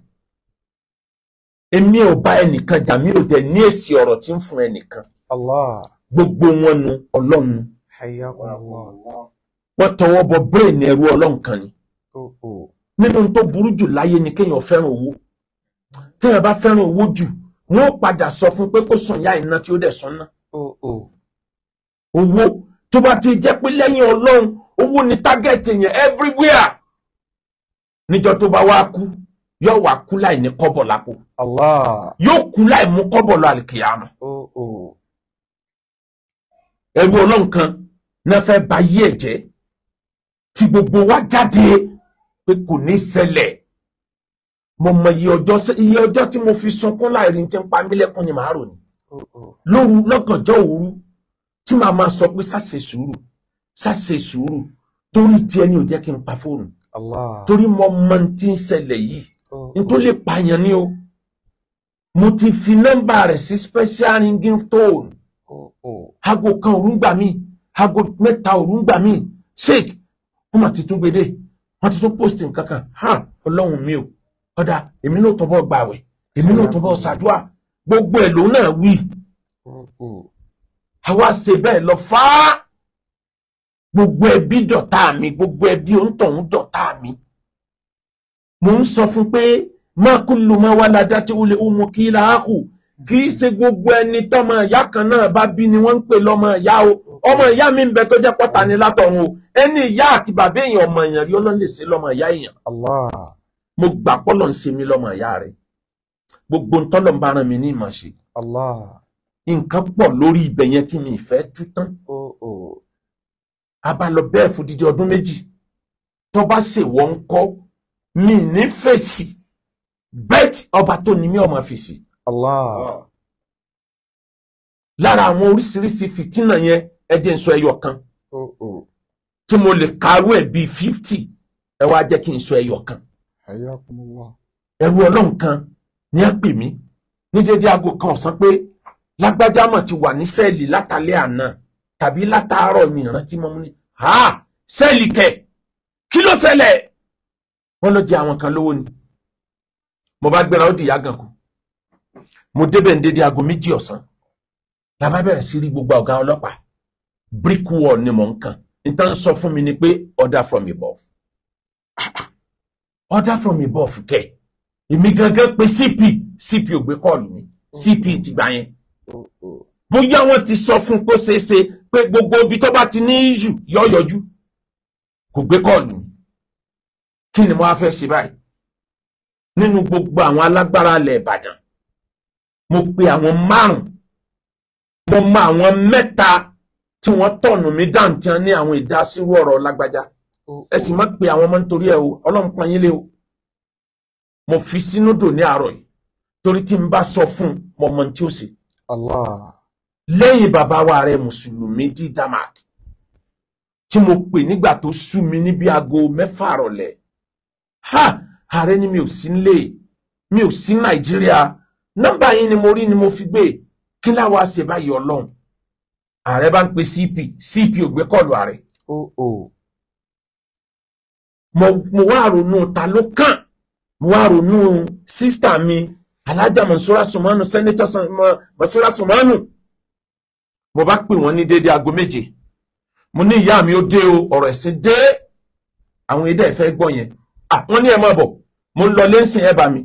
èmi ò bá ẹnìkan jà mí ò dẹ̀ ní èsì ọ̀rọ̀ tí ń fún ẹnìkan gbogbo wọn nu ọlọ́run wọ́n tọwọ́ bọ bírèèni ẹrú ọlọ́run kan ni nínú tó burú jù láyé ni kéèyàn fẹ́ràn owó téèyàn bá fẹ́ràn owó jù wọn ò padà sọ fún pé kó sùn ya iná tí ó dẹ̀ sùn owó tó bá ti jẹ́ pé lẹ́yìn ọlọ́run owó ni tágẹ́ẹ̀tì yẹn everywhere níjọ́ tó bá wá kú yóò wá kú láì ní kọ́bọ̀ lápò yóò kú láì mú kọ́bọ̀ lọ àlìkìyàmù ẹrú ọlọ́run kan náà fẹ́ ba yí ẹ̀ jẹ́ tí gbogbo wa jáde pé kò ní ṣẹlẹ̀ mo mọ iye ọjọ́ iye ọjọ́ tí mo fi sunkún láìrí tí ń pa mí lẹ́kún ni màá rò ní lóru lọ́gànjọ́ òru tí màá máa sọ pé ṣàṣe sùúrù ṣàṣe sùúrù torí tí ẹni ò jẹ́ kí n pa fóònù torí mo mọ tí ń ṣẹlẹ̀ yìí n tó lè pààyàn ni o mo ti fi nọ́mbà rẹ̀ sí special ringing tone Oh, oh. aago kan òru ń gbà mí aago mẹ́ta òru ń gbà mí sake wọ́n mà ti tún gbede wọ́n ti tún post nǹkan kan hàn ọlọ́run mi o ọ̀dà èmi náà tún bọ́ gbàwẹ̀ èmi náà tún bọ́ ṣàdúrà gbogbo ẹ̀ lòun náà wí àwa oh, ṣe bẹ́ẹ̀ lọ fáá gbogbo ẹbí dọ̀tá mi gbogbo ẹbí òǹtọ̀hún dọ̀tá mi mo ń sọ fún pé má kullu ma waladat ul umu kila akhu kì í ṣe gbogbo ẹni tọmọ ìyá kan náà bá bí ni wọ́n ń pè lọ́mọ ìyá o ọmọ ìyá mi ń bẹ tó jẹ́ pọ́ta ni látọ̀run o ẹni ìyá àti bàbá èèyàn ọmọ èèyàn rí ọlọ́run lè ṣe lọ́mọ ìyá èèyàn. mo gbà pọ́lọ̀ ń ṣe mí lọ́mọ ìyá rẹ̀ gbogbo ntọ́lọ̀ ń bá mi ní ìmọ̀ ṣe. nǹkan pọ̀ lórí ibẹ̀ yẹn tí mi ìfẹ́ tú tán. Oh, oh. a bá lọ bẹ́ẹ̀ fún dídí ọdún méjì tó bá ṣèwọ́ ń kọ́ mi ní fèsì bẹ́ẹ̀ ọba tó ní mi ọmọ fèsì Allah. lára àwọn oríṣiríṣi fìtínà yẹn ẹ jẹ́ n sọ ẹyọ kan tí mo lè kárú ẹ̀ bíi fifty ẹ wá jẹ́ kí n sọ ẹyọ kan. ẹrú ọlọ́run kan ni ẹ pè mí ní déédéé aago kan ọ̀sán pé lágbájá ti wà ní sẹ́ẹ̀lì látàlẹ́ àná tàbí látàárọ̀ mi ìrántí mọ́mú ni ha sẹ́ẹ̀lì kẹ̀ kí ló ṣẹlẹ̀ wọ́n lọ jẹ àwọn kan lówó ni mo bá gbéra ó dìyà gan kù mo débẹ̀ ní dédé aago méjì ọ̀sán la bá bẹ̀rẹ̀ sí rí gbogbo ọ̀gá ọlọ́pàá brick wall ni mò ń kàn n tán sọ fún mi ni pé order from above ah, ah. order from above kẹ èmi gangan pé cp cp ò gbé kọ́ọ̀lù mi cp ti gbà yẹn bóyá wọ́n ti sọ fún kó ṣeé ṣe pé gbogbo ibi tó bá ti ní ìṣù yọ yọjú kò gbé kọ́ọ̀lù mi kí ni mo wá fẹ́ ṣe báyìí nínú gbogbo àwọn alágbára ilẹ̀ Ìbàdàn mo pe àwọn márùn mo mọ àwọn mẹ́ta tí wọ́n tọ̀nù mí dáǹtíán ní àwọn ìdásíwò ọ̀rọ̀ lágbájá ẹ sì má pe àwọn ọmọ nítorí ẹ o ọlọ́run pa yín lé o mo fi sínú dò ní àárọ̀ yìí torí tí n bá sọ fún mo mọ tí ó sì. lẹ́yìn bàbá wa rẹ̀ mùsùlùmí dí damak tí mo pè nígbà tó sú mi ní aago mẹ́fà rọ̀lẹ́ ha ààrẹ ni mi ò sí nílé mi ò sí nàìjíríà nọ́mbà yín ni mo rí ni mo fi gbé kí láwa ṣe báyìí ọlọ́run ààrẹ bá ń pe cp cp ò gbé kọlù ààrẹ. Oh, oh. mo wá ronú ta ló kàn mo wá ronú sísítà mi alájà mọ̀sọ́rà sùmánù sẹ́nẹ́tọ̀ mọ̀sọ́rà sùmánù mo bá pè wọ́n ní déédéé aago méje mo ní ìyá mi ó dé o ọ̀rọ̀ ẹ̀sìn dé àwọn ẹ̀dá ẹ̀fẹ́ gbọ́ yẹn wọ́n ní ẹ̀ máa bọ̀ mo ń lọ lẹ́sìn ẹ̀ bá mi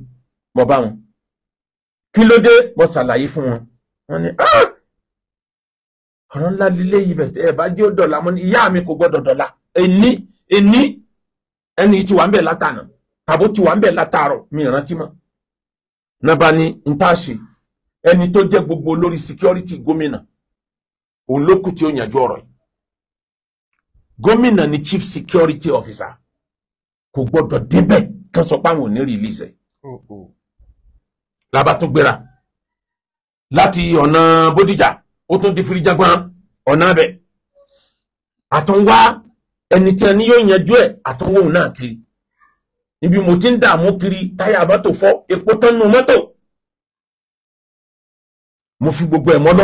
mo bá wọn. kí ló dé mo ṣàlàyé fún wọn wọn ni ah! ọ̀rọ̀ ńlá lílé yìí bẹ̀ tẹ́ bá jẹ́ ó dọ̀la ní ìyá mi kò gbọ́dọ̀ dọ̀la ẹni ẹni ẹni tí wà ń bẹ̀ látànà tàbó tí wà ń bẹ̀ látàárọ̀ mi rántí mọ́ nàbà gómìnà òun ló kù tí gómìnà ni chief security ní release oh, oh. Laba bá tún gbéra láti ọ̀nà bódìjà ó tún di firijagbọn ọ̀nà abẹ àtúnwá ẹni tí a ní yóò yanjú ẹ àtúnwó náà kiri ibi mo ti ń dààmú kiri táyà bá tó fọ epo tán nu mọ́tò mo fi gbogbo ẹ̀ mọ́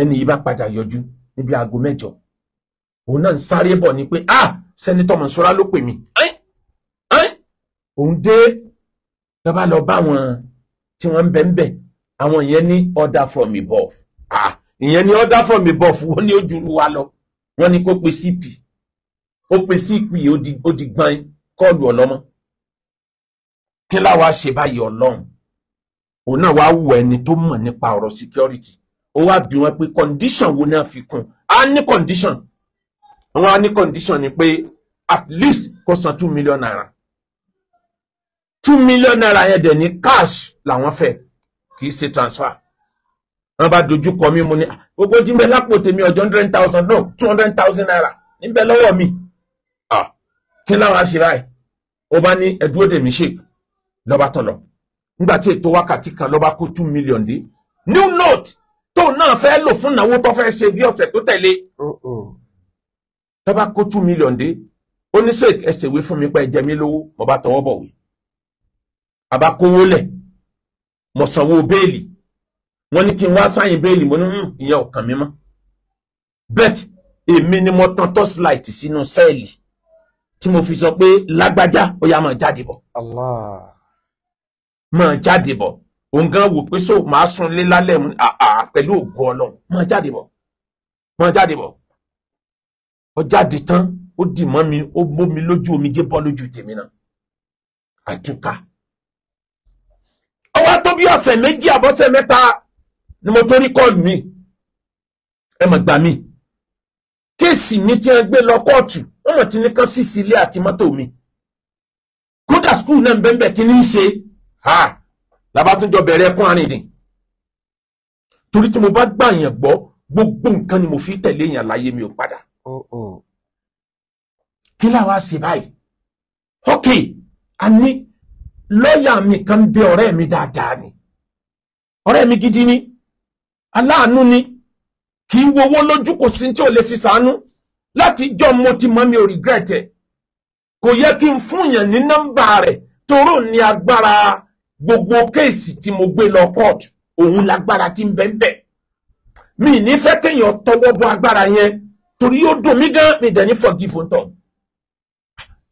ẹni yìí bá padà yọjú níbi aago mẹ́jọ òun náà ń sáré bọ̀ ni pé ah sẹ́nitọ́ Mọ̀nsúrà ló pè mí òun dé lọ́ba lọ bá wọn tí wọ́n ń bẹ̀ ń bẹ̀ àwọn yẹn ní order from above ah ìyẹn ní order from above wọ́n ní ojú wa lọ wọ́n ní kó pe cp ó pe cp ó di gbọ́n kọ́ọ̀lù ọlọ́mọ kí láwa ṣe báyìí ọlọ́run òun náà wá wù ẹni tó mọ̀ nípa ọ̀rọ̀ security ó wá bí wọn pé condition wo náà fi kún a ní condition wọn á ní condition ni pé at least kó san two million naira two million naira yẹn dẹ̀ ní cash làwọn fẹ́ kì í ṣe transfer wọn bá dojú kọ mí mo ní ah, gbogbo tí ń bẹ lápò tèmi ọjọ́ hundred thousand no two hundred thousand naira níbẹ̀ lọ́wọ́ mi ah, kí láwọn á ṣe báyìí ó bá ní ẹdúró dèmí ṣèk lọ́ba tán lọ nígbà tí ètò wákàtí kan lọ́ba kó two million dé new note tóun náà fẹ́ lò fún ìnáwó tó fẹ́ ṣe bí ọ̀sẹ̀ tó tẹ̀lé lọ́ba kó two million dé ó ní ṣèk ẹsẹ̀ ìwé fún mi pé ẹ jẹ mí lówó mo bá tọwọ́ bọ̀wé àbá kówó lẹ̀ mo sanwó béèlì wọ́n ní kí n wá sáyìn béèlì mo ní hmm, ìyẹn ò kàn bet èmi ni mo tan torchlight sínú sẹ́ẹ̀lì tí mo fi sọ pé lágbájá ó yá máa jáde bọ̀ máa jáde bọ̀ òun gan wò pé so màá sùn lé lálẹ́ mu àà pẹ̀lú ògo ọlọ́run máa jáde bọ̀ máa jáde bọ̀ ó jáde tán ó dì mọ́ mi ó bó mi lójú omi bọ́ lójú tèmi náà àdúkà ọwọ́ tó bí ọ̀sẹ̀ méjì àbọ̀sẹ̀ mẹ́ta ni mo tó rí kọ́ọ̀lù mi ẹ mọ̀ gbà mí kéèsì mi ti ń gbé lọ kóòtù wọ́n mọ̀ ti ní kán sísì ilé àti mọ́tò mi kódà skul náà ń bẹ́ẹ̀ kí ni í ṣe ha làbátúnjọ bẹ̀rẹ̀ ẹkún arìnrìn torí tí mo bá gbà yẹn gbọ́ gbogbo nǹkan ni mo fi tẹ̀lé yẹn láyé mi ò padà oh, oh. kí làwọn á ok a ní lọ́ọ̀yà mi kan ń bẹ ọ̀rẹ́ mi dáadáa ni ọ̀rẹ́ mi gidi ni aláàánú ni kì í wowó lójú kò sí tí ò lè fi sàánú láti jọ mo ti mọ mi ò regret kò yẹ kí n fún yàn ní nọ́mbà rẹ̀ toró ní agbára gbogbo kéèsì tí mo gbé lọ kóòtù òun lágbára tí ń bẹ mi ní fẹ́ kéèyàn tọwọ́ bọ agbára yẹn torí yóò dùn mí gan mi dẹ̀ ní forgive ntọ́.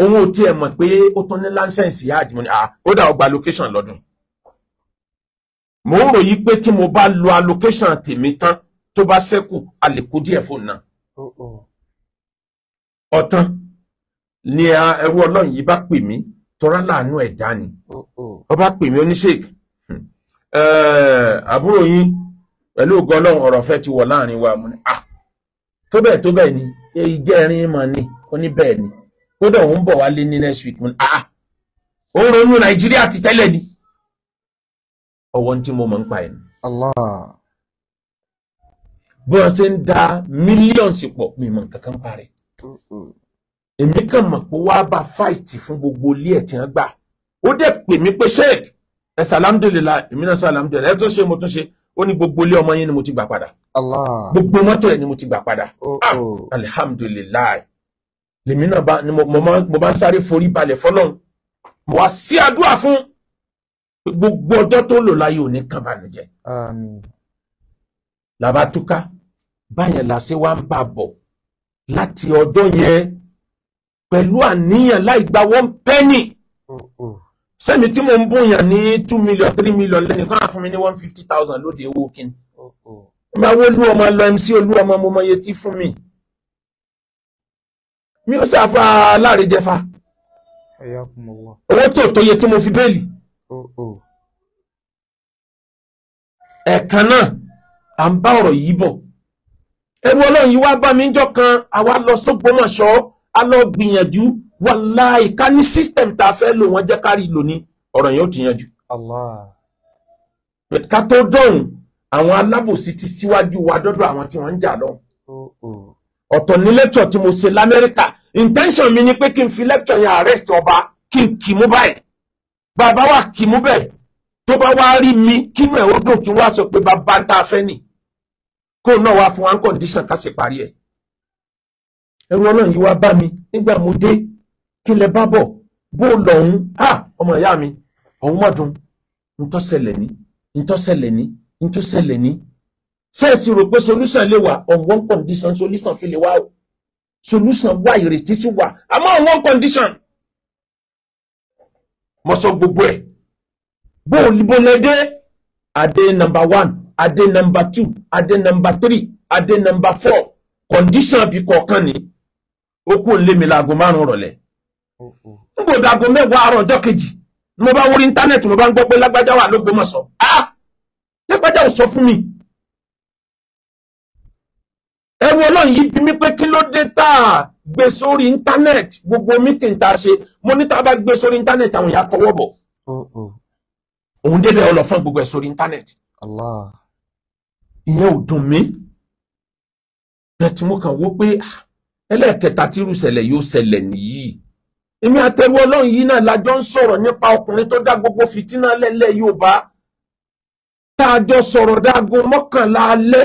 òun ò pe mọ̀ pé ó tún ní láńsẹ̀nsì hajj mo ní ah, ó dà ó lọ́dún mo ń ròyìn pé tí mo bá lo allocation a lè kó díẹ̀ fóònù náà ọ̀tán ni ọlọ́run yìí bá pè mí tọ́ra láàánú ẹ̀dá ni ọ bá pè mí oníṣègùn eh, àbúrò yín pẹ̀lú ògo ọlọ́run ọ̀rọ̀ fẹ́ ti wọ̀ láàrin wa mo ní ah, tó bẹ́ẹ̀ tó bẹ́ẹ̀ ni ìjẹ́rin ni ó ni. kódà òun bọ̀ wálé ní next week mun ah, ah ó ronú nàìjíríà ti tẹ́lẹ̀ ni ọwọ́ tí mo mọ̀ ń pa ẹ̀ Allah bí wọ́n ṣe ń da millions pọ̀ mi mọ̀ nǹkan kan parẹ́ èmi kàn mọ̀ pé wàá bá fáìtì fún gbogbo ilé ẹ̀ tí wọ́n gbà ó dẹ̀ pè mí pé sheik ẹ̀ sàlámdùlélà èmi náà sàlámdùlélà ẹ̀ tún ṣe mo tún ṣe ó ní gbogbo ilé ọmọ yín ni mo ti gbà padà gbogbo mọ́tò ẹ̀ ni mo ti gbà padà oh, ah, oh. alhamdulilayi lèmi náà bá mo máa ń sáré forí balẹ̀ fọlọ́run mo wá sí àdúrà fún gbogbo ọjọ́ tó lò láyé òní kan bànújẹ́. làbátúká báyẹn la ṣe wá ń bà bọ̀ láti ọjọ́ yẹn pẹ̀lú àníyàn láì gba one penny sẹ́mi tí mo ń bóyàn ní two million three million lẹ́nìkan á fún mi ní one fifty thousand lóde owó kíni. ìgbà wo lu ọmọ lọ mc olú ọmọ mo mọ iye tí fún mi. Oh, oh. mi ò ṣàfà láàrin jẹfa owó tí tó yẹ tí mo fi bẹ́ẹ̀lì ẹ̀ẹ̀kan na bá ọ̀rọ̀ yìí bọ̀ ẹrú ọlọ́run bá mi kan lọ sógbómọ̀ṣọ́ a lọ gbìyànjú wàláì ní system tá a fẹ́ ti ọ̀tọ̀ ní lecture tí mo ṣe l'Amẹ́ríkà intention mi ni pé kí n fi lecture yẹn arrest ọba kí n kì mú báyìí bàbá wa kì mú bẹ́ẹ̀ tó bá wá rí mi kí inú ẹ̀ ó dùn kí wọ́n á sọ pé bàbá ń tá a nì kó náà wá fún one condition ká sì parí ẹ̀ ẹrú ọlọ́run yìí wá bá mi nígbà mo dé kí lẹ bá bọ̀ bó lọ́hún á ọmọ ìyá mi ọ̀hún mọ̀dún ntọ́sẹ̀lẹ̀ ní ntọ́sẹ̀lẹ̀ ní ntọ́sẹ̀lẹ̀ ní sẹ́ẹ̀sì rò pé solution lè wà on one condition solution fi lè wá o solution wà ìrètí sí wà àmọ́ on one condition mo sọ gbogbo ẹ̀ bó bó lẹ dé adé number one adé number two adé number three adé number four condition bí kọ̀ọ̀kan ni ó kú ń lé mi láago márùn-ún rọ̀lẹ́ n kò dàgọ́ mẹ́wàá àárọ̀ ọjọ́ kejì ni mo bá wọrí íńtánẹ́ẹ̀tì mo bá ń gbọ́ pé lágbájá wà lógbómọ̀ṣọ́ ah lágbájá ò sọ fún mi ẹrù ọlọ́run yìí bí mi pé kí ló dé tá a gbé sórí íńtánẹ́ẹ̀tì gbogbo mítìn tá a ṣe mo ní tá a bá gbé sórí íńtánẹ́ẹ̀tì àwọn èèyàn tọwọ́ bọ̀ òun débẹ̀ ọ lọ fún gbogbo ẹ̀ sórí íńtánẹ́ẹ̀tì ìyẹn ò dùn mí bẹ́ẹ̀ tí mo kàn wò pé ah, ẹlẹ́ẹ̀kẹta tí irú ṣẹlẹ̀ yóò ṣẹlẹ̀ nìyí èmi àtẹrù ọlọ́run yìí náà la ń sọ̀rọ̀ nípa ọkùnrin tó dá gbogbo fìtínà lẹ́lẹ́ Yorùbá tá a jọ sọ̀rọ̀ dáago mọ́kànlá alẹ́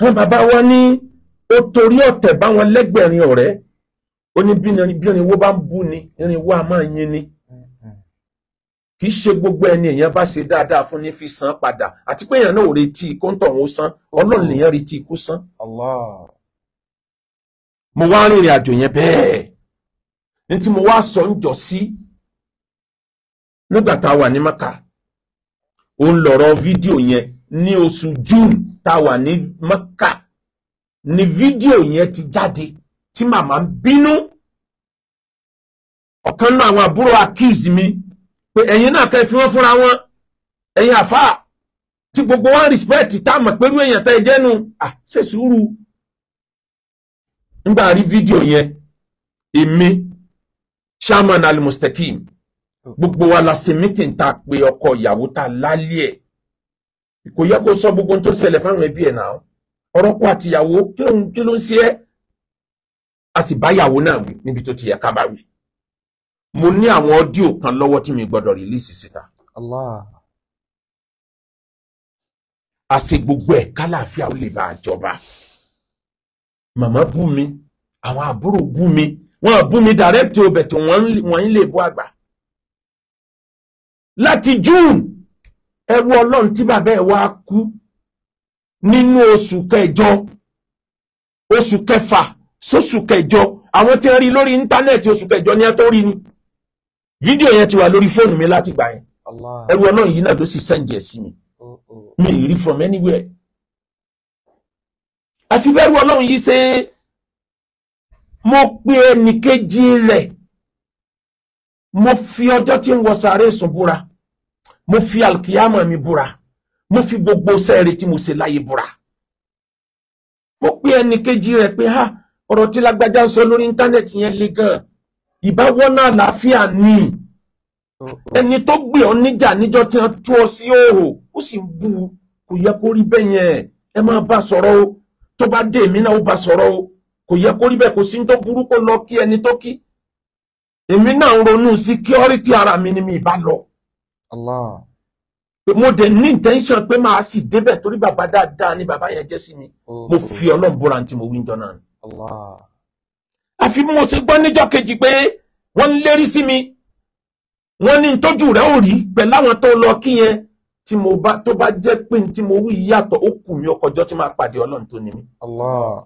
hàn bàbá wọn ni ó torí ọ̀tẹ̀ báwọn lẹ́gbẹ̀rin ọ̀rẹ́ ó ní bí irinwó bá ń bú ni irinwó a máa yin ni kì í ṣe gbogbo ẹni èèyàn bá ṣe dáadáa fún ní fi san padà àti pé èèyàn náà ò retí kóńtọ̀hún ó san ọlọ́run lèèyàn retí ikú san. mo wá rìnrìn àjò yẹn bẹ́ẹ̀ ní ti mo wa sọ ń jọ sí nígbà wa ni wà ní maka o ń lọ̀rọ̀ fídíò ni oṣù June tá a wà ni fídíò yẹn ti jáde ti mama ń okan na awon aburo accuse mi pe ẹ̀yin náà kẹ́ fi wọ́n fúnra wọn ẹ̀yin àfa tí gbogbo wan respect tá a mọ̀ pẹ̀lú èèyàn tẹ́ ẹ jẹ́nu à ṣe sùúrù nígbà rí fídíò yẹn èmi Chairman Al Mustakim gbogbo wa la ṣe meeting pe ọkọ ìyàwó tá a e kò yẹ kó sọ gbogbo tó ṣẹlẹ̀ fáwọn ẹbí ẹ̀ náà ọ̀rọ̀ kó àtìyàwó kí ló ń ṣe ẹ́ a sì bá yàwó náà wí níbi tó ti yẹ ká bá wí mo ní àwọn ọdíò kan lọ́wọ́ tí mi gbọ́dọ̀ rìlíìsì síta. àṣe gbogbo ẹ̀ kálàáfíà ó lè bá a jọba màmá bú mi àwọn àbúrò bú mi wọn bú mi dàrẹ́tì ọbẹ̀ tí wọ́n ń lè bú àgbà láti June ẹ wo ọlọ́run tí bàbá ẹ̀ wá kú nínú oṣù kẹjọ oṣù kẹfà sóṣù kẹjọ àwọn tí ń rí lórí íńtánẹ́ẹ̀tì oṣù kẹjọ ni ẹ tó rí ni fídíò yẹn ti wà lórí fóònù mi láti gbà yẹn ẹ wo yìí náà ló sì sẹ́ǹdì ẹ̀ sí mi mi rí from anywhere àfi bẹ́ẹ̀ wo ọlọ́run yìí ṣe mo pe ẹnìkejì rẹ̀ mo fi ọjọ́ tí ń wọ sàárè sùn búra mo fi alkiyama mi búra mo fi gbogbo sẹ́ẹ̀rẹ̀ tí mo ṣe láyé búra mo pe ẹnì kejì rẹ̀ pé ha ọ̀rọ̀ tí lágbájá ń sọ lórí íńtánẹ́ẹ̀tì yẹn le gan ìbáwọ́nà àlàáfíà ni ẹni tó gbé ọ níjà níjọ́ tí wọ́n tú ọ sí òòrò ó sì ń bu kò yẹ kó rí bẹ́ẹ̀ yẹn ẹ máa bá sọ̀rọ̀ o tó bá dé èmi náà ó bá sọ̀rọ̀ o kò yẹ kó rí bẹ́ẹ̀ kò sí ní tó burú lọ kí ẹni tó kí èmi náà ń ronú síkírọ́rìtì ara mi ni mi ì bá lọ Allah. pé mo dẹ̀ ní intention pé màá sì débẹ̀ torí bàbá dáadáa ni bàbá yẹn jẹ́ sí mi mo oh. fi ọlọ́run búra tí mo wí jọ ni. Allah. àfi mo ṣe gbọ́ níjọ́ kejì pé wọ́n ń lérí sí mi wọ́n ní tójú rẹ̀ ò rí pẹ̀lú àwọn tó lọ kí yẹn tí mo bá tó bá jẹ́ pé tí mo wí yàtọ̀ ó kù mí ọkọjọ́ tí máa pàdé ọlọ́run tó ní mi. Allah.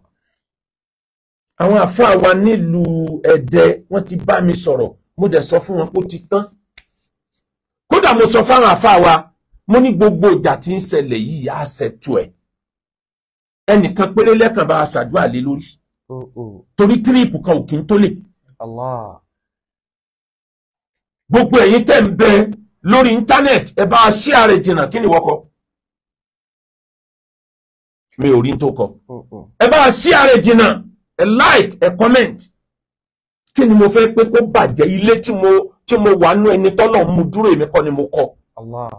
àwọn àfáà wa nílùú Ẹdẹ wọ́n ti bá mi sọ̀rọ̀ mo dẹ̀ sọ fún wọn pé ó ti tán kódà mo sọ fáwọn àfáà wa mo ni gbogbo ìjà ti ń ṣẹlẹ̀ yìí á ṣètò ẹ̀ ẹnìkan péré lẹ́kàn bá a ṣàdúrà lé lórí oh, oh. torí tíríìpù kan ò kí n le gbogbo ẹ̀yin te ń bẹ lórí íńtánẹ́ẹ̀tì ẹ bá a ṣí ààrẹ jìnnà kí ni wọ́kọ̀ mi ò rí tó kọ oh, ẹ a like a comment kí mo fẹ́ pé kó bàjẹ́ ilé mo. tí mo wà nú ẹni tọ́lọ̀ mú dúró èmi kọ́ ni mo kọ́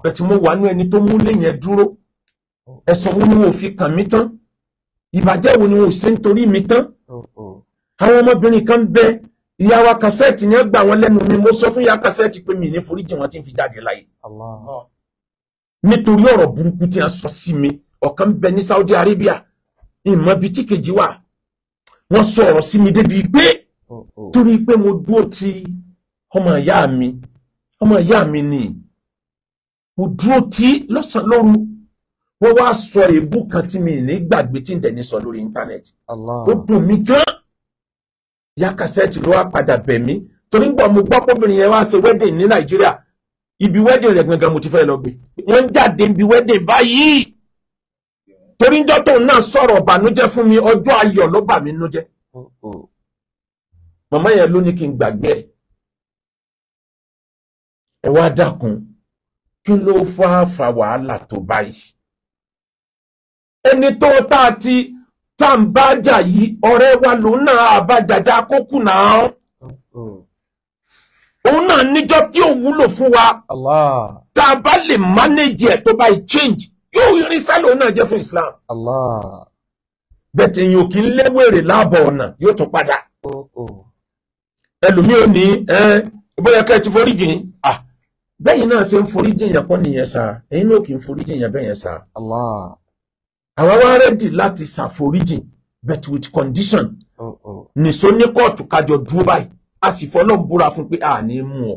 bẹ̀tí mo wà nú ẹni tó mú léyìn dúró ẹ̀sùn wo ni wọn ò fi kàn mí tán ìbàjẹ́ wo ni wọn ò ṣe nítorí mi tán àwọn ọmọbìnrin kan bẹ ìyá wa kàṣẹ́ẹ̀tì ni ẹ gbà wọn lẹ́nu mi mo sọ fún ìyá kàṣẹ́ẹ̀tì pé mi ní foríjì wọn ti fi jáde láyé nítorí ọ̀rọ̀ burúkú tí a sọ sí mi ọ̀kan bẹ ní Saudi Arabia ìmọ̀ bíi tí kejì wà wọ́n sọ ọ̀rọ̀ sí mi débi pé oh, oh. torí pé mo dúró ti ọmọ ìyá mi ọmọ ìyá mi ni mo dúró tí lọ́sàn-án lóru wọ́n wá sọ èébú kan tí mi ní gbàgbé tí n dẹ̀ ní sọ lórí íńtánẹ́ẹ̀tì ó dùn mí gan ìyá kàṣẹ́ẹ̀tì ló wá padà bẹ̀ mí torí gbọ́ mo gbọ́ pọ́bìnrin yẹn wá ṣe wedding ní nàìjíríà ibi wedding rẹ̀ gangan mo ti fẹ́ lọ gbé wọ́n ń jáde ibi wedding báyìí torí ń dọ́tò náà sọ̀rọ̀ ìbànújẹ́ fún mi ọjọ́ ayọ̀ ló bà mí nújẹ́ màmá yẹn ló ní kí n gbàgbé ẹ̀ ẹ wá dákun kí ló fà wàhálà tó báyìí ẹni tó tá a ti tá à bá jà yìí ọ̀rẹ́ wa lòun náà àbájájá kókù náà òun náà níjọ́ tí ò wúlò fún wa tá a bá lè mánéjì ẹ̀ tó change yóò rin sálò náà jẹ́ fún Islam bẹ̀tẹ̀ èèyàn kì í lẹ́wẹ̀rẹ̀ láàbọ̀ ọ̀nà yóò tún padà oh, oh. ẹlòmíì ò ní bóyá kẹ́ ẹ ti forí jìn ah. bẹ́yìn náà ṣe ń forí jìyàn kọ́ nìyẹn sá ẹ̀yin náà kì í forí jìyàn bẹ́yẹn sá. àwa wá rẹ́dì láti ṣàforíjì but with condition oh, oh. nìṣó ní kóòtù kájọ dúró báyìí a sì fọlọ́ búra fún pé a ní mú ọ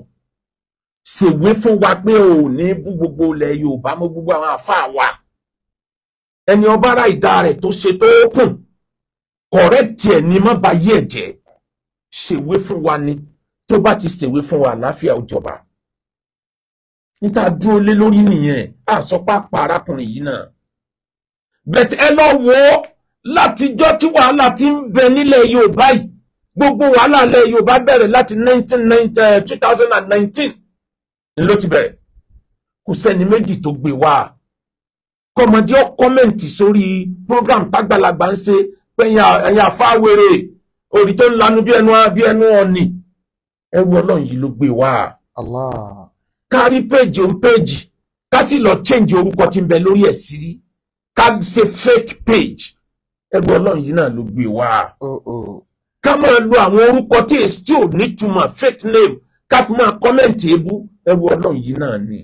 ṣèwé fún wa pé o ò ní bú gbogbo ilẹ̀ Yorùbá mọ́ gbogbo àwọn àfáà wa ẹni ọba ara ìdá rẹ̀ tó ṣe tó kùn kọ̀rẹ́tì ẹ̀ ní má ba yí ẹ̀jẹ̀ ṣèwé fún wa ni tó bá ti ṣèwé fún wa àlàáfíà ó jọba ní tá a dúró lé lórí nìyẹn àsọpá parakùnrin yìí náà bẹ̀tẹ̀ ẹ lọ wò ó látijọ́ tí wàhálà ti ń bẹ nílẹ̀ Yorùbá yìí gbogbo wàhálà ilẹ̀ Yorùbá bẹ̀rẹ̀ láti 2019 ni ló ti bẹ̀rẹ̀ kò sẹ́ni méjì tó gbé wá kọmọdé ọ kọ́mẹ̀ǹtì sórí program tágbàlagbà ń ṣe pé ẹ̀yin àfáwèrè orí tó ń lanu bí ẹnu ọ̀nì ẹrú Ọlọ́run yìí ló gbé wá. Allah ká rí péjì òun péjì ká sì lọ change orúkọ tí ń bẹ lórí ẹ̀ sí rí ká ṣe fake page ẹrù ọlọ́run yìí náà ló gbé e wá. ká máa lo àwọn orúkọ tí èsì tí ò nítumọ̀ fake name ká fi máa kọ́mẹ̀ntì ebú ẹrù ọlọ́run yìí náà ni.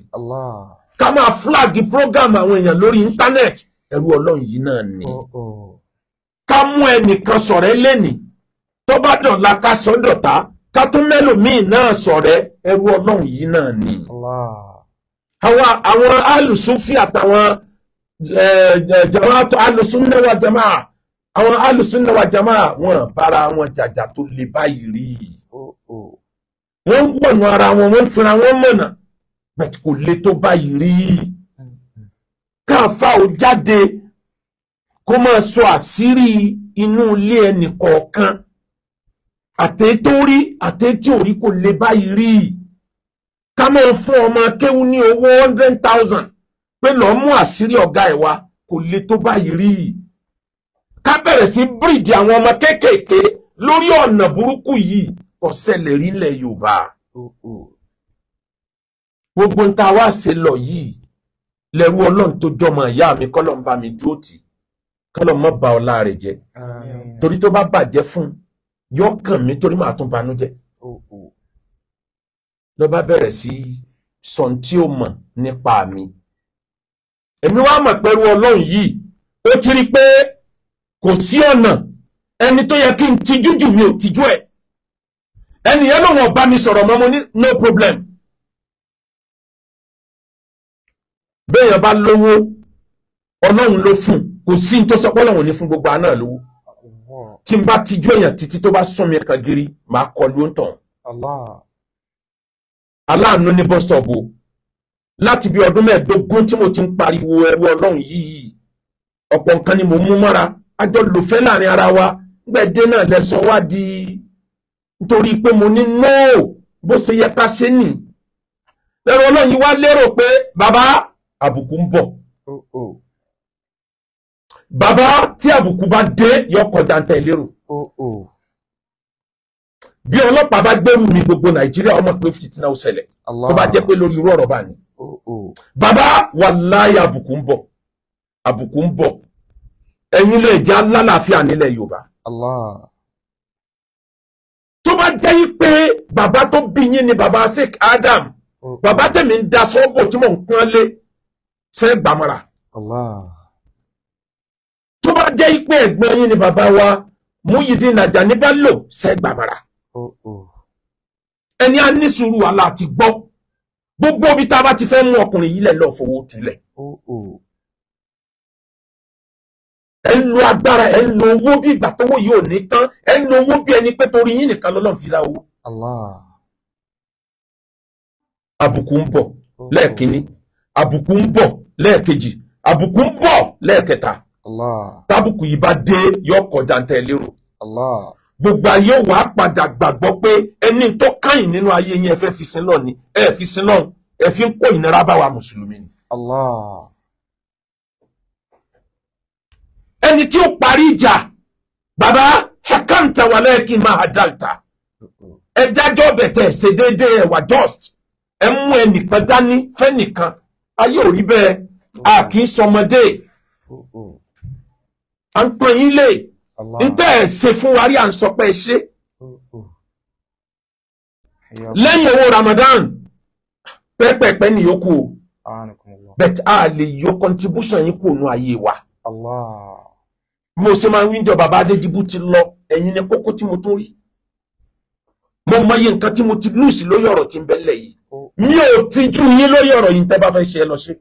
ká máa flag program àwọn èèyàn lórí internet ẹrù ọlọ́run yìí náà ni. ká mú ẹnìkan sọ̀rọ̀ ẹlẹ́ni tó bá dọ̀la ká sọ́dọ̀ta ká tún mẹ́lòmíì náà sọ̀rẹ́ ẹrú ọlọ́run yìí náà ni. àwọn àwọn alùsùnfì àtàwọn jamaatu alùsùnnà wa jamaa àwọn alùsùnnà wa jamaa wọn bára wọn jàjà tó le báyìí rí oh, oh. wọn ń gbọ̀nà ara wọn wọn ń fira wọn mọ̀nà bẹ̀tì kò le tó báyìí rí káàfà ò jáde kó máa sọ àṣírí inú ilé ẹnì kọ̀ọ̀kan àtẹ tó rí àtẹ tí ò rí kò lè báyìí rí ká máa fún ọmọ akéwú ní owó hundred thousand pé lọ́ọ́ mú àṣírí ọ̀gá ẹ̀ wá kò lè tó báyìí rí ká bẹ̀rẹ̀ sí bíríìjì àwọn ọmọ kéékèèké lórí ọ̀nà burúkú yìí kò ṣẹlẹ̀ rí ilẹ̀ Yorùbá gbogbo nta wá ṣe lọ yìí lẹ́rú Ọlọ́run tó jọmọ ìyá mi kọ́lọ́ ń bá mi dúró tì kọ́lọ́ mọ́ ba ọlá rẹ̀ jẹ́ torí tó bá bàjẹ́ fún un yọ kàn mí torí màá tún banújẹ́ oh, oh. ló bá bẹ̀rẹ̀ sí sọ tí ó mọ̀ nípa mi èmi wá mọ̀ pẹ̀lú ọlọ́run yìí ó ti rí i pé kò sí ọ̀nà ẹni tó yẹ kí n tijú jù mi ò tijú ẹ̀ ẹnìyẹn lòun ọba mi sọ̀rọ̀ mọ́ mo ní no problem béèyàn bá lówó ọlọ́run ló fún kò sí ní tó sọ pé ọlọ́run ní fún gbogbo àná lówó tí n bá tijú èèyàn títí tó bá sún mi kan giri màá kọlu ó ń tàn. aláàánú ní bọ́sítọ̀bù láti bí ọdún mẹ́ẹ̀ẹ́dógún tí mo ti ń pariwo ẹrú ọlọ́run yìí ọ̀pọ̀ nǹkan ni mo mú mọ́ra ajọ lòfẹ́ láàrin ara wa gbẹ̀dẹ́ náà lẹ́sọ̀ wá di nítorí pé mo ní nóò bó ṣe yẹ ká ṣe nì ọlọ́run yìí wá lérò oh, oh. Baba tí àbùkù bá dé yọ kọjá ń tẹ̀lé rò bí ọlọ́pàá bá gbẹ́rù mi gbogbo nàìjíríà ọmọ pé fìtínà ó ṣẹlẹ̀ tó bá jẹ́ pé lórí irú ọ̀rọ̀ bá ní. bàbá wàláyé àbùkù ń bọ̀ àbùkù ń bọ̀ ẹ̀yin lè já lálàáfíà nílẹ̀ yorùbá. tó bá jẹ́ yí pé bàbá tó bí yín ni baba Sheikh Adam Baba tèmi ń da sọ́ọ̀bù tí mò ń pọ́n lé ṣe jẹ́ ipé ẹ̀gbọ́n yín ni bàbá wa Muyideen Ajani Bello sẹ́gbàmọ́ra ẹni a ní sùúrù àlà àti gbọ́ gbogbo ibi tá a bá ti fẹ́ mú ọkùnrin yìí lẹ̀ lọ fowó tulẹ̀ ẹ ń lo agbára ẹ ń lo owó bí ìgbà tówó yìí ò ní tán ẹ ń lo owó bí ẹni pé torí yín nìkan lọ́lọ́run fi ra owó àbùkù ń bọ̀ lẹ́ẹ̀kínní àbùkù ń bọ̀ lẹ́ẹ̀kejì àbùkù ń bọ̀ lẹ́ẹ̀kẹta. tábùkù yìí bá dé yóò kọjá ń tẹ́ lérò gbogbo ayé wà á padà gbàgbọ́ pé ẹni tó káyìn nínú ayé yẹn fẹ́ fi sin lọ́ni ẹ fi sin lọ́hùn ẹ fi ń kó ìnira bá wa mùsùlùmí ni. ẹni tí ó parí ìjà bàbá hekanta wà lẹ́ẹ̀kì máa hadalta ẹ dájọ́ ọbẹ̀ tẹ̀ ṣe déédéé ẹ̀wà just ẹ mú ẹnìkan dání fẹ́nìkan ayé ò rí bẹ́ẹ̀ a kì í sọmọdé à ń pọn yín lè níta ẹ̀ ṣe fún wa rí à ń sọ pé ẹ ṣe lẹ́yìn owó Ramadan pẹ́pẹ́pẹ́ ni yòókù o bẹ́ẹ̀ a lè yọ contribution yín kúrò nù ayé wa mo ṣe máa ń wíńdọ̀ bàbá Adédìbú ti lọ ẹ̀yin ni kókó tí mo tún rí mo mọyì nǹkan tí mo ti lùsì lórí ọ̀rọ̀ tí ń bẹ́lẹ̀ yìí oh. mi ò tijú yín lórí ọ̀rọ̀ yìí tẹ́ bá fẹ́ ṣe ẹ lọ ṣe.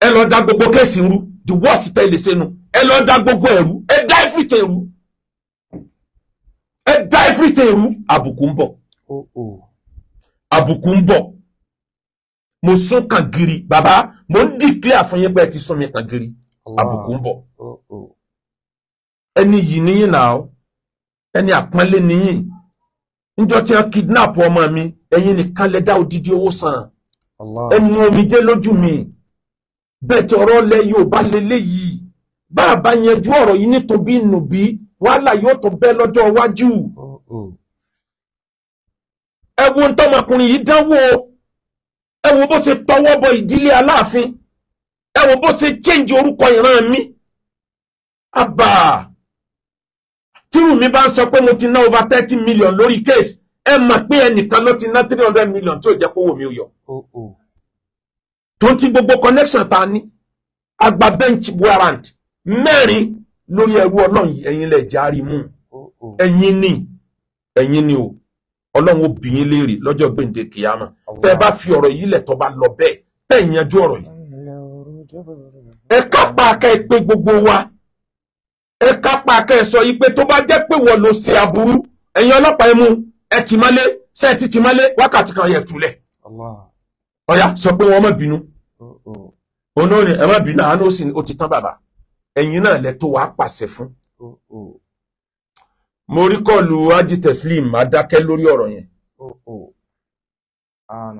ẹ lọ da gbogbo kéèsì rú the worst tẹ́ lè ṣe nu ẹ lọ da gbogbo ẹ̀rú ẹ da everything ẹ̀rú ẹ da everything ẹ̀rú àbùkù ń bọ̀ oh, oh. àbùkù ń bọ̀ mo sún kàn giri bàbá mo ń declare fún yín pé ẹ ti sún mi kàn giri àbùkù ń bọ̀ oh, ẹni yìí níyìn náà ẹni àpọ́nlé níyìn níjọ́ tí wọ́n kidnap ọmọ mi ẹ̀yin nìkan lẹ dá odidi owó san ẹnu omijé lójú mi. Allah bẹ̀tẹ̀ ọ̀rọ̀ lẹ̀ Yorùbá lélẹ̀ yìí bá a bá yanjú ọ̀rọ̀ yìí nítorí nùbí wàhálà yóò tó bẹ́ lọ́jọ́ iwájú. ẹ wo ń tọmọkùnrin yìí dánwò ẹ wo bó ṣe tọwọ́ bọ ìdílé Aláàfin ẹ wo bó ṣe change orúkọ ìran mi. àbà tírù mi bá ń sọ pé mo ti ná over thirty million lórí case ẹ mà pé ẹnìkan ló ti ná three hundred million tí ò jẹ́ kówó mi yọ. Oh, oh tó ń gbogbo connection ta ní agba bench warrant mẹ́rin lórí ẹrú ọlọ́run yìí ẹ̀yin lẹ̀ járí mú ẹ̀yin ni ẹ̀yin ni o ọlọ́run ó bi yín léèrè lọ́jọ́ gbèǹde kìyàmà tẹ́ ẹ bá fi ọ̀rọ̀ yìí lẹ̀ tó bá lọ bẹ́ẹ̀ tẹ́ ẹ̀ ọ̀rọ̀ yìí ẹ kápá ká ẹ pé gbogbo wa ẹ kápá ká ẹ sọ yìí pé tó bá jẹ́ pé wọ́n ló ṣe aburú ẹ̀yin ọlọ́pàá ẹ mú ẹ tì mọ́lé ṣe ẹ ti tì mọ́lé wákàtí kan yẹ túlẹ̀ ọ̀ya sọ pé wọ́n má bínú olórin ẹ má bínú àánú sì ó ti tán bàbá ẹ̀yin náà lẹ tó wàá pàṣẹ fún. mo rí kọlu ají teslim máa lórí ọ̀rọ̀ yẹn.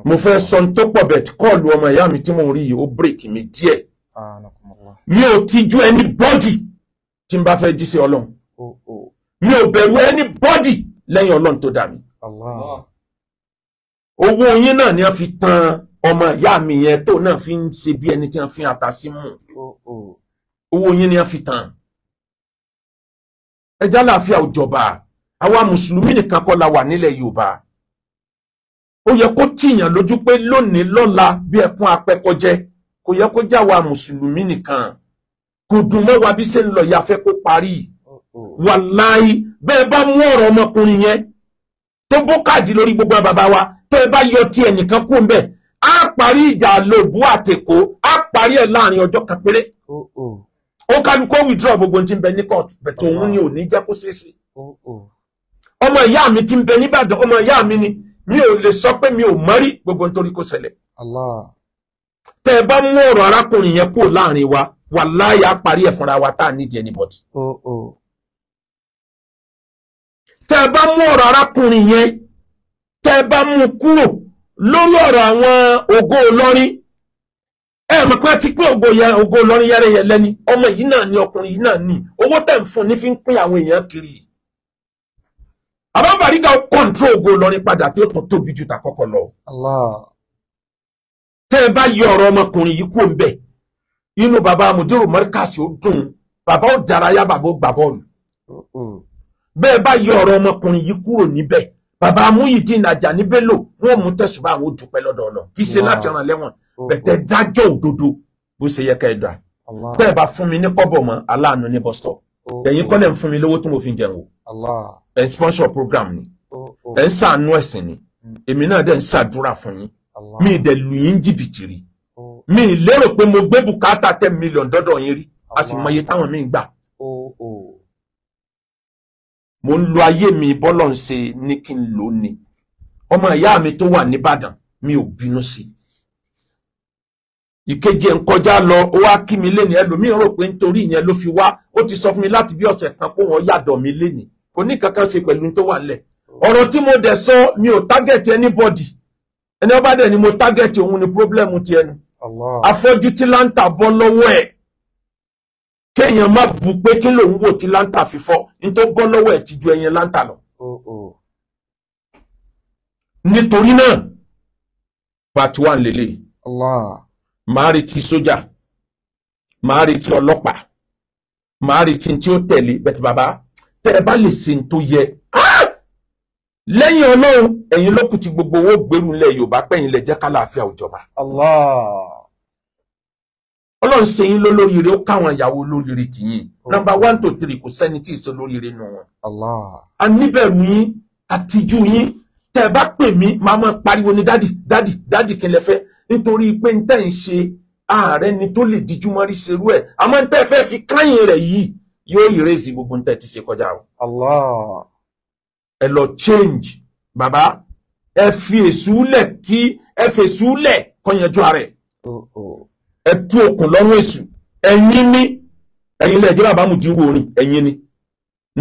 mo fẹ́ sọ ní tó pọ̀ bẹ̀ tí kọlu ọmọ ìyá mi tí mò rí yìí ó bírèkì mi díẹ̀. mi ò tijú ẹni bọ́dì tí n bá fẹ́ jí sí ọlọ́run. mi ò bẹ̀rù ẹni bọ́dì lẹ́yìn ọlọ́run tó dà mí. owó yín náà ni a fi tan ọmọ ìyá mi yẹn tó náà fi ń ṣe bí ẹni tí wọ́n fi ata sí mú owó yín ni wọ́n fi tàn ẹjá láàfíà òjọba àwa mùsùlùmí nìkan kọ́ la wà nílẹ̀ yorùbá ó yẹ kó tìyàn lójú pé lónìí lọ́la bí ẹkún apẹkọjẹ kò yẹ kó jáwa mùsùlùmí nìkan kò dùn mọ́ wa bí ṣe ń lọ ìyá fẹ́ kó parí wàláì bẹ́ẹ̀ bá mú ọ̀rọ̀ ọmọkùnrin yẹn tó bó káàdì lórí gbogbo bàbá wa tẹ́ ẹ bá yọ ti ẹnìkan kú ń bẹ́ẹ̀ a parí ìjà lobu àtẹ̀kọ́ a parí ẹ̀ láàrin ọjọ́ kan péré oh, oh. ó kálukú ko withdraw gbogbo ohun tí ń bẹ ní court òun ni ò ní jẹ́ kó ṣeé ṣe oh, ọmọ ìyá mi ti nbe bẹ omo ọmọ ìyá mi ni mi ò lè sọ pé mi ò mọ́rí gbogbo nítorí kó ṣẹlẹ̀ tẹ ẹ bá mú ọ̀rọ̀ arákùnrin yẹn kúrò láàrin wa wàláyà a parí ẹ̀ fúnra wa tá a nídìí anybody tẹ ẹ bá mú ọ̀rọ̀ arákùnrin yẹn tẹ ẹ bá mú kúrò lórí ọ̀rọ̀ àwọn ògo olórin ẹ mọ̀ pé ti pín ògo yẹn ògo olórin ọmọ yìí náà ni ọkùnrin yìí náà ni owó tẹ̀ ń fún ni fi ń pín àwọn èèyàn kiri àbábàríkà kọ́ńtró ògo olórin padà tí ó tún tóbi ju tàkọ́kọ́ lọ. tẹ́ ẹ bá yọ ọrọ ọmọkùnrin yìí kúrò ń inú bàbá ó dùn bàbá ó bàbá ó gbà bọ́ọ̀lù bẹ́ẹ̀ bá yọ ọrọ ọmọkùnrin yìí kúrò níbẹ̀ bàbá Muyideen Ajani Bello wọn mú tẹ̀sùbà àwọn òdùpẹ́ lọ́dọ̀ ọ̀nà kì í ṣe láti ràn lẹ́wọ̀n bẹ̀tẹ̀ dájọ́ òdodo bó ṣe yẹ ká ẹ dà tẹ́ ẹ bá fún mi ní kọ́bọ̀ mọ́ aláàánú ní bus stop ẹ̀yin kọ́lẹ̀ ń fún mi lówó tí mo fi jẹun o ẹ̀ ń sponsor program ni ẹ̀ ń ṣàánú ẹ̀sìn ni hmm. èmi náà dẹ̀ ń ṣàdúrà fún yín mi dẹ̀ lù yín jìbìtì rí mi lérò pé mo gbé bùkátà ten million dọ́dọ̀ yín rí a sì mọye táwọn míì gbà mo ń lo ayé mi bọ́lọ̀ ń ṣe ní kí n lò ó ni ọmọ ìyá mi tó wà nìbàdàn mi ò bínú sí i ìkejì ẹ̀ ń kọjá lọ ó wá kí mi lé ní ẹlòmíràn rò pé nítorí ìyẹn ló fi wá ó ti sọ fún mi láti bí ọ̀sẹ̀ kan pé wọ́n yàdọ̀ mi lé ní kò ní kankan ṣe pẹ̀lú tó wà lẹ̀ ọ̀rọ̀ tí mo dẹ̀ sọ mi ò tágẹ̀tì anybody ẹni ọba dẹ̀ ni mo tágẹ̀tì òun ni problem ti ẹnu àfọ́jú tí láǹtà bọ́ lọ́wọ́ ẹ̀ kéèyàn má bu pé kí lòun wò tí láńtà fi fọ́ ní tó bọ́ lọ́wọ́ ẹ̀ ti ju ẹyin láńtà lọ. Oh, oh. nítorí náà part one lélẹ̀ máa retí sójà máa retí ọlọ́pàá máa retí tí ó tẹ̀lé bẹ́tẹ̀ bàbá tẹ́ ẹ bá lè ṣe tó yẹ ah! lẹ́yìn ọlọ́run ẹ̀yin ló ti gbogbo owó gbèrú ilẹ̀ yorùbá pẹ̀yìn lẹ jẹ́ kálàáfíà òjọba. Allah ọlọ́run ṣe yín ló lóríire ó káwọn ìyàwó lóríire tìyìn nọmba one to three kò sẹ́ni tí ì ṣe lóríire nù wọn. a níbẹ̀rù yín àtijú yín tẹ́ ẹ bá pè mí màá mọ̀ pariwo ní dádì dádì dádì kí lẹ fẹ́ nítorí pé n tẹ́ ń ṣe ààrẹ ni tó lè díjú mọ́ rí ṣerú ẹ̀ àmọ́ n tẹ́ fẹ́ fi káyìn rẹ̀ yìí yóò ìrèzì gbogbo n tẹ́ ti ṣe kọjá o. ẹ lọ change bàbá ẹ fi èsúlẹ̀ kí ẹ fèsúlẹ̀ kọyànjú ara ẹ̀. Oh, oh ẹ tú okùn lọ́rùn èṣù ẹ̀yin ni ẹ̀yin lẹ́ẹ̀jẹ́ bàbá mùdírù orin ẹ̀yin ni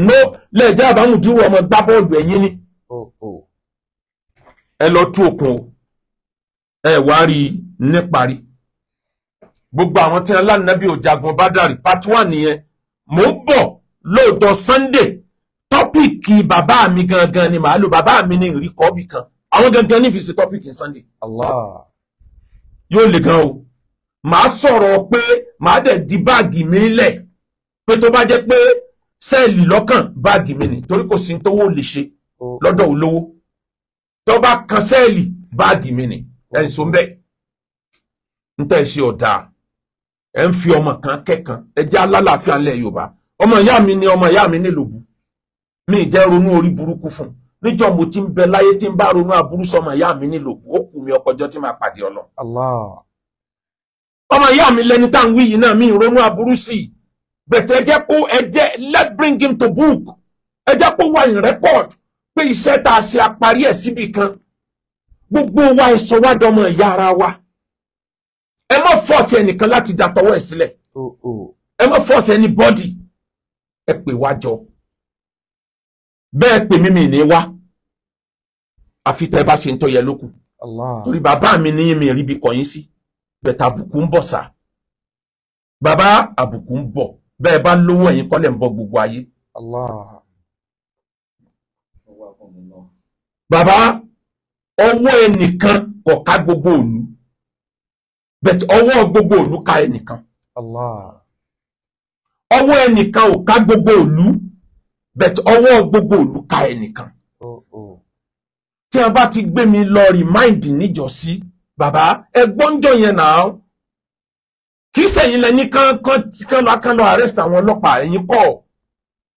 no lẹ́ẹ̀jẹ́ bàbá mùdírù ọmọ gbá bọ́ọ̀lù ẹ̀yin ni ẹ lọ tú okùn o ẹ wá rí i níparí gbogbo àwọn tí wọn lánàbí òjàgbọn bá dàrí part one nìyẹn mò ń bọ̀ lóòótọ́ Sunday tọ́pìkì bàbá mi gangan ni màá lò bàbá mi ní ìrí kọ́ọ̀bì àwọn gangan nífìsí tọ́pìkì Sunday. Allah. yóò le gan o. màá sọ̀rọ̀ pé màá de di báàgì mi lẹ̀ pé tó bá jẹ́ pé sẹ́ẹ̀lì lọ́kàn báàgì mi ni torí kò sí tówó lè se lọ́dọ̀ olówó tó bá kan sẹ́ẹ̀lì báàgì mi ni ẹ̀ so ń ṣe fi ọmọ kan kẹ́kan e je alálàáfíà ńlẹ̀ ọmọ ìyá mi ni ọmọ ìyá mi nílò bu mi je ronu ronú orí burúkú fún ti ọmọ ìyá mi lẹni tá à ń wí yìí náà mi ìrònú aburú sí i bẹ̀tẹ̀ ẹ jẹ́ kó ẹ jẹ́ let bring him to book ẹ jẹ́ kó wà in record pé iṣẹ́ tá a ṣe àparí ẹ̀ síbi kan gbogbo wa ẹ sọ wá dọmọ ìyá ara wa ẹ má fọ́ọ̀sì ẹnìkan láti dàtọwọ́ ẹ̀ sílẹ̀ oh, oh. ẹ má fọ́ọ̀sì ẹni bọ́dì ẹ pè wá jọ bẹ́ẹ̀ pè mí mi ní wá àfi tẹ́ bá ṣe ń tọ́ yẹ lókù torí bàbá mi ní mi rí bí kọ̀yìn sí. Si bẹ̀tà àbùkù ń bọ̀ sà bàbá àbùkù ń bọ̀ bẹ́ẹ̀ bá lówó ẹ̀yin kọ́lẹ̀ ń bọ̀ gbogbo ayé. Allah. bàbá ọwọ́ ẹnìkan kò ká gbogbo òlu bẹ̀tà ọwọ́ gbogbo òlu ká ẹnìkan. Allah. ọwọ́ ẹnìkan ò ká gbogbo òlu bẹ̀tà ọwọ́ gbogbo òlu ká ẹnìkan. Oh, oh. tí a bá ti gbé mi lọ rìmáìndì níjọ́sí. Si, Baba, ẹ gbọ́njọ yẹn náà kì í sẹ́yìn lẹ́ni kán lọ kán lọ arrest àwọn ọlọ́pàá ẹ̀yìn kọ́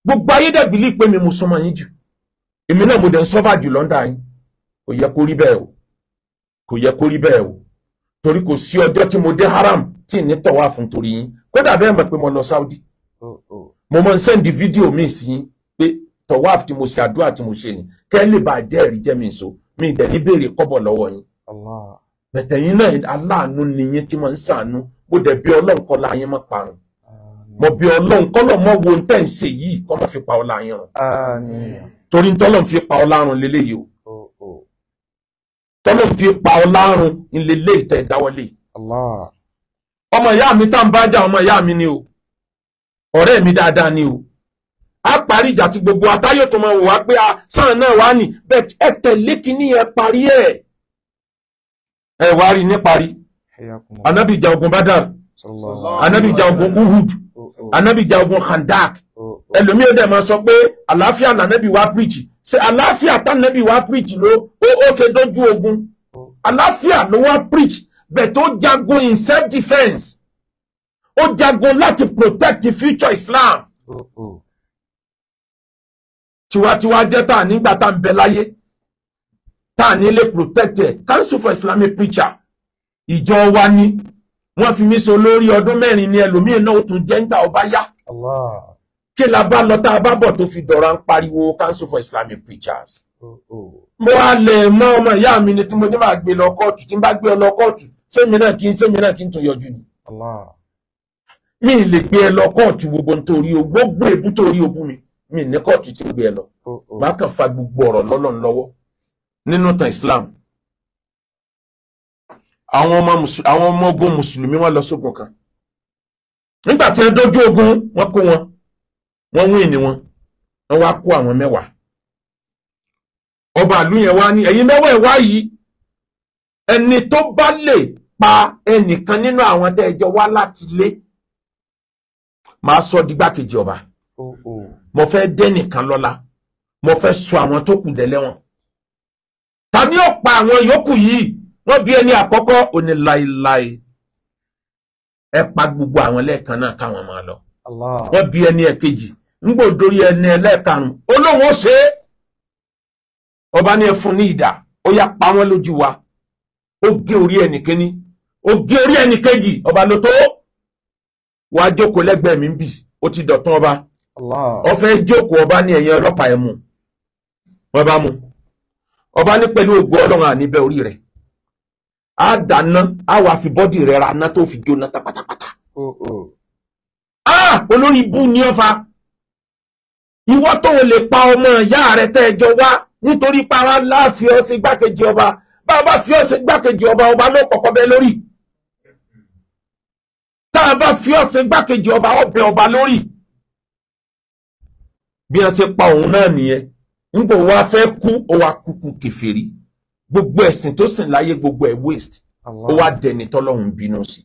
gbogbo ayé dẹ̀ believe pé mi mo súnmọ́ yín jù èmi náà mo dẹ̀ ń sọ́fà jù lọ́ndà yín kò yẹ kó rí bẹ́ẹ̀ o kò yẹ kó rí bẹ́ẹ̀ o torí kò sí ọjọ́ tí mo dé haram tí ní tọ̀wá fún torí yín kódà bẹ́ẹ̀ mọ̀ pé mo lọ Saudi oh, oh. mo mọ̀ ń sẹ́ndì fídíò míì sí yín pé tọ̀wá tí mo ṣe àdúrà tí mo ṣe ni kẹ́ lè bàjẹ́ ẹ̀rí mi so mi ní béèrè kọ́bọ̀ lọ́wọ́ yín. Allah bẹ̀tẹ̀yìn náà aláàánú ni yín tí mo ń sàánú mo dẹ̀ bí ọlọ́run kọ́ láyé má parun mo bí ọlọ́run kọ́lọ̀ mọ́ wo tẹ́ ń ṣe yìí kọ́ mọ́ fi pa ọ láyé rùn torí tọ́lọ́run fi pa ọ lárùn leléyìí o tọ́lọ́run fi pa ọ lárùn leléyìí tẹ́ dáwọ́lé ọmọ ìyá mi tá ń bá jà ọmọ ìyá mi ni o ọ̀rẹ́ mi dáadáa ni o a parí ìjà tí gbogbo atáyọ̀ tó wá pé a sáà náà wá nì bẹ́ẹ̀ ẹ tẹ̀lé kinní yẹn parí ẹ̀ ẹ wá rí níparí anabi ja ogun badar anabi ja ogun uhud anabi oh, oh. ja ogun khandak oh, ẹlòmíì ó dẹ̀ máa sọ pé àlàáfíà lànàbì wa preach ṣe àlàáfíà tànàbì wa preach ló ó ṣe dójú ogun àlàáfíà ló wá preach bẹ̀ tó jagun in self defence ó jagun láti protect the future Islam tiwantiwa jẹ́ tá a nígbà tá a bẹ láyé tá à nílé protected council for islamic preacher ìjọ wa ni wọ́n fi mí so lórí ọdún mẹ́rin ni ẹlòmíín náà ó tún jẹ́ ńgbà ọba yá kí la bá lọ tá a bá bọ̀ fi dọ̀ra pariwo council for islamic preachers oh, oh. mo wá lè mọ ọmọ ìyá mi ni tí mo ní máa gbé lọ kóòtù tí n bá gbé ọ lọ kóòtù sẹ́mi náà kí n sẹ́mi náà kí n tó yọjú mi lè gbé ẹ lọ gbogbo nítorí o gbogbo èbú torí o mi mi ní kóòtù tí n gbé ẹ lọ oh, fa gbogbo ọ̀rọ̀ lọ́lọ́run lọ́wọ́ nínú tan Islam àwọn ọmọ ogun mùsùlùmí wọ́n lọ sógun kan nígbà tí wọ́n dójú ogun wọ́n kó wọn wọ́n wí ni wọn wọ́n wá kó àwọn mẹ́wàá ọba ìlú yẹn wá ní ẹ̀yin mẹ́wàá ìwá yìí ẹni tó bá lè pa ẹnìkan nínú àwọn tẹ́ẹ̀jọ wá láti lé màá sọ dìgbàkejì ọba oh, oh. mo fẹ́ dẹ́nìkan lọ́lá mo fẹ́ sọ àwọn tó kù dẹ́lẹ́wọ̀n ta ni ó pa àwọn yòókù yìí wọ́n bí ẹni àkọ́kọ́ ó ní láéláé ẹ pa gbogbo àwọn lẹ́ẹ̀kan náà káwọn máa lọ wọ́n bí ẹni ẹ̀kejì ńgbò dórí ẹni ẹlẹ́ẹ̀karùn olóhùn ó ṣe é ọba ní ẹ fún ní ìdá ó yá pa wọ́n lójú wa ó gé orí ẹnì kíní ó gé orí ẹnì kejì ọba ló tó wàá jókòó lẹ́gbẹ̀ẹ́ mi ń bì ti dọ̀tún ọba ó fẹ́ jókòó ọba ní ẹ̀yìn ọlọ́pàá ẹ̀ mú wọ́n bá ọba ní pẹ̀lú ògbó ọlọ́run àníbẹ̀ orí rẹ̀ á dáná á wàá fi bọ́dì rẹ̀ ra aná tó fi jóná tapatapata. Oh, oh. a olórí ibú ni ọ fa ìwọ tó o lè pa ọmọ ìyá rẹ tẹ́jọ wá nítorí para ńlá fi ọ sí gbákejì ọba bá a bá fi ọ sí ọba ọba ló kọ́kọ́ bẹ lórí tá a bá fi ọ sí ọba ọbẹ ọba lórí bí a ṣe pa òun náà nìyẹn nígbà wo wá fẹ́ kú ó wá kúkú kèfèrí gbogbo ẹ̀sìn tó sìn láyé gbogbo ẹ̀ waste wa wá dẹni tọ́lọ́run bínú sí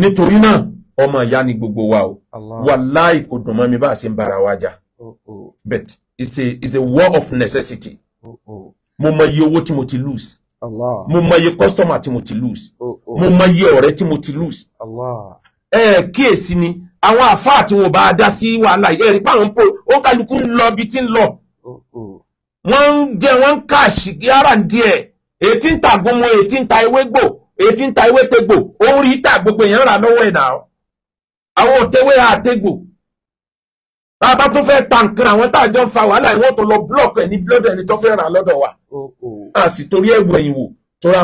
nítorí náà ọmọ ìyá ni gbogbo wa o wàláì kò dùn mọ́ mi bá a ṣe waja. bára wa jà oh, oh. but it's a it's a war of necessity oh, mo mọ iye owó tí mo ti lose mo mọ iye customer tí mo ti lose mo mọ iye ọ̀rẹ́ tí mo ti lose ẹ kíyèsí ni àwọn àfáà tí wọn bá dá sí wàhálà yìí ẹ̀rí pàrọ̀ ń pò ó kálukú ń lọ ibi tí ń lọ. wọ́n ń jẹ wọ́n ń káàṣì yàrá díẹ̀ ètí ń ta gúnmọ́ ètí ń ta ewé gbò ètí ń ta ewé tegbò ó ń rí ìta gbogbo èèyàn rà lọ́wọ́ ẹ̀dá àwọn òtẹ́wé àtẹ́gbò bàbá tó fẹ́ ta nǹkan àwọn tá a jọ ń fa wàhálà ìwọ́n tó lọ blọọkì ẹni blọọdọ̀ ẹni tó fẹ́ rà lọ́dọ̀ wa. a sì torí ẹ̀wọ̀ ẹ̀yìn wò tó rà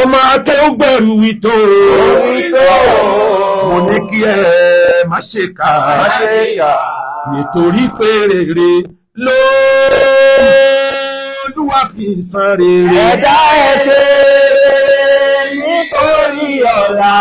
ọmọ akẹ́ ó gbẹ̀rù wìtò mo ní kí ẹ má ṣe kà á nítorí pé rere ló lúwa fi san rere. ẹ̀dá ẹ̀ ṣe rere nítorí ọ̀la.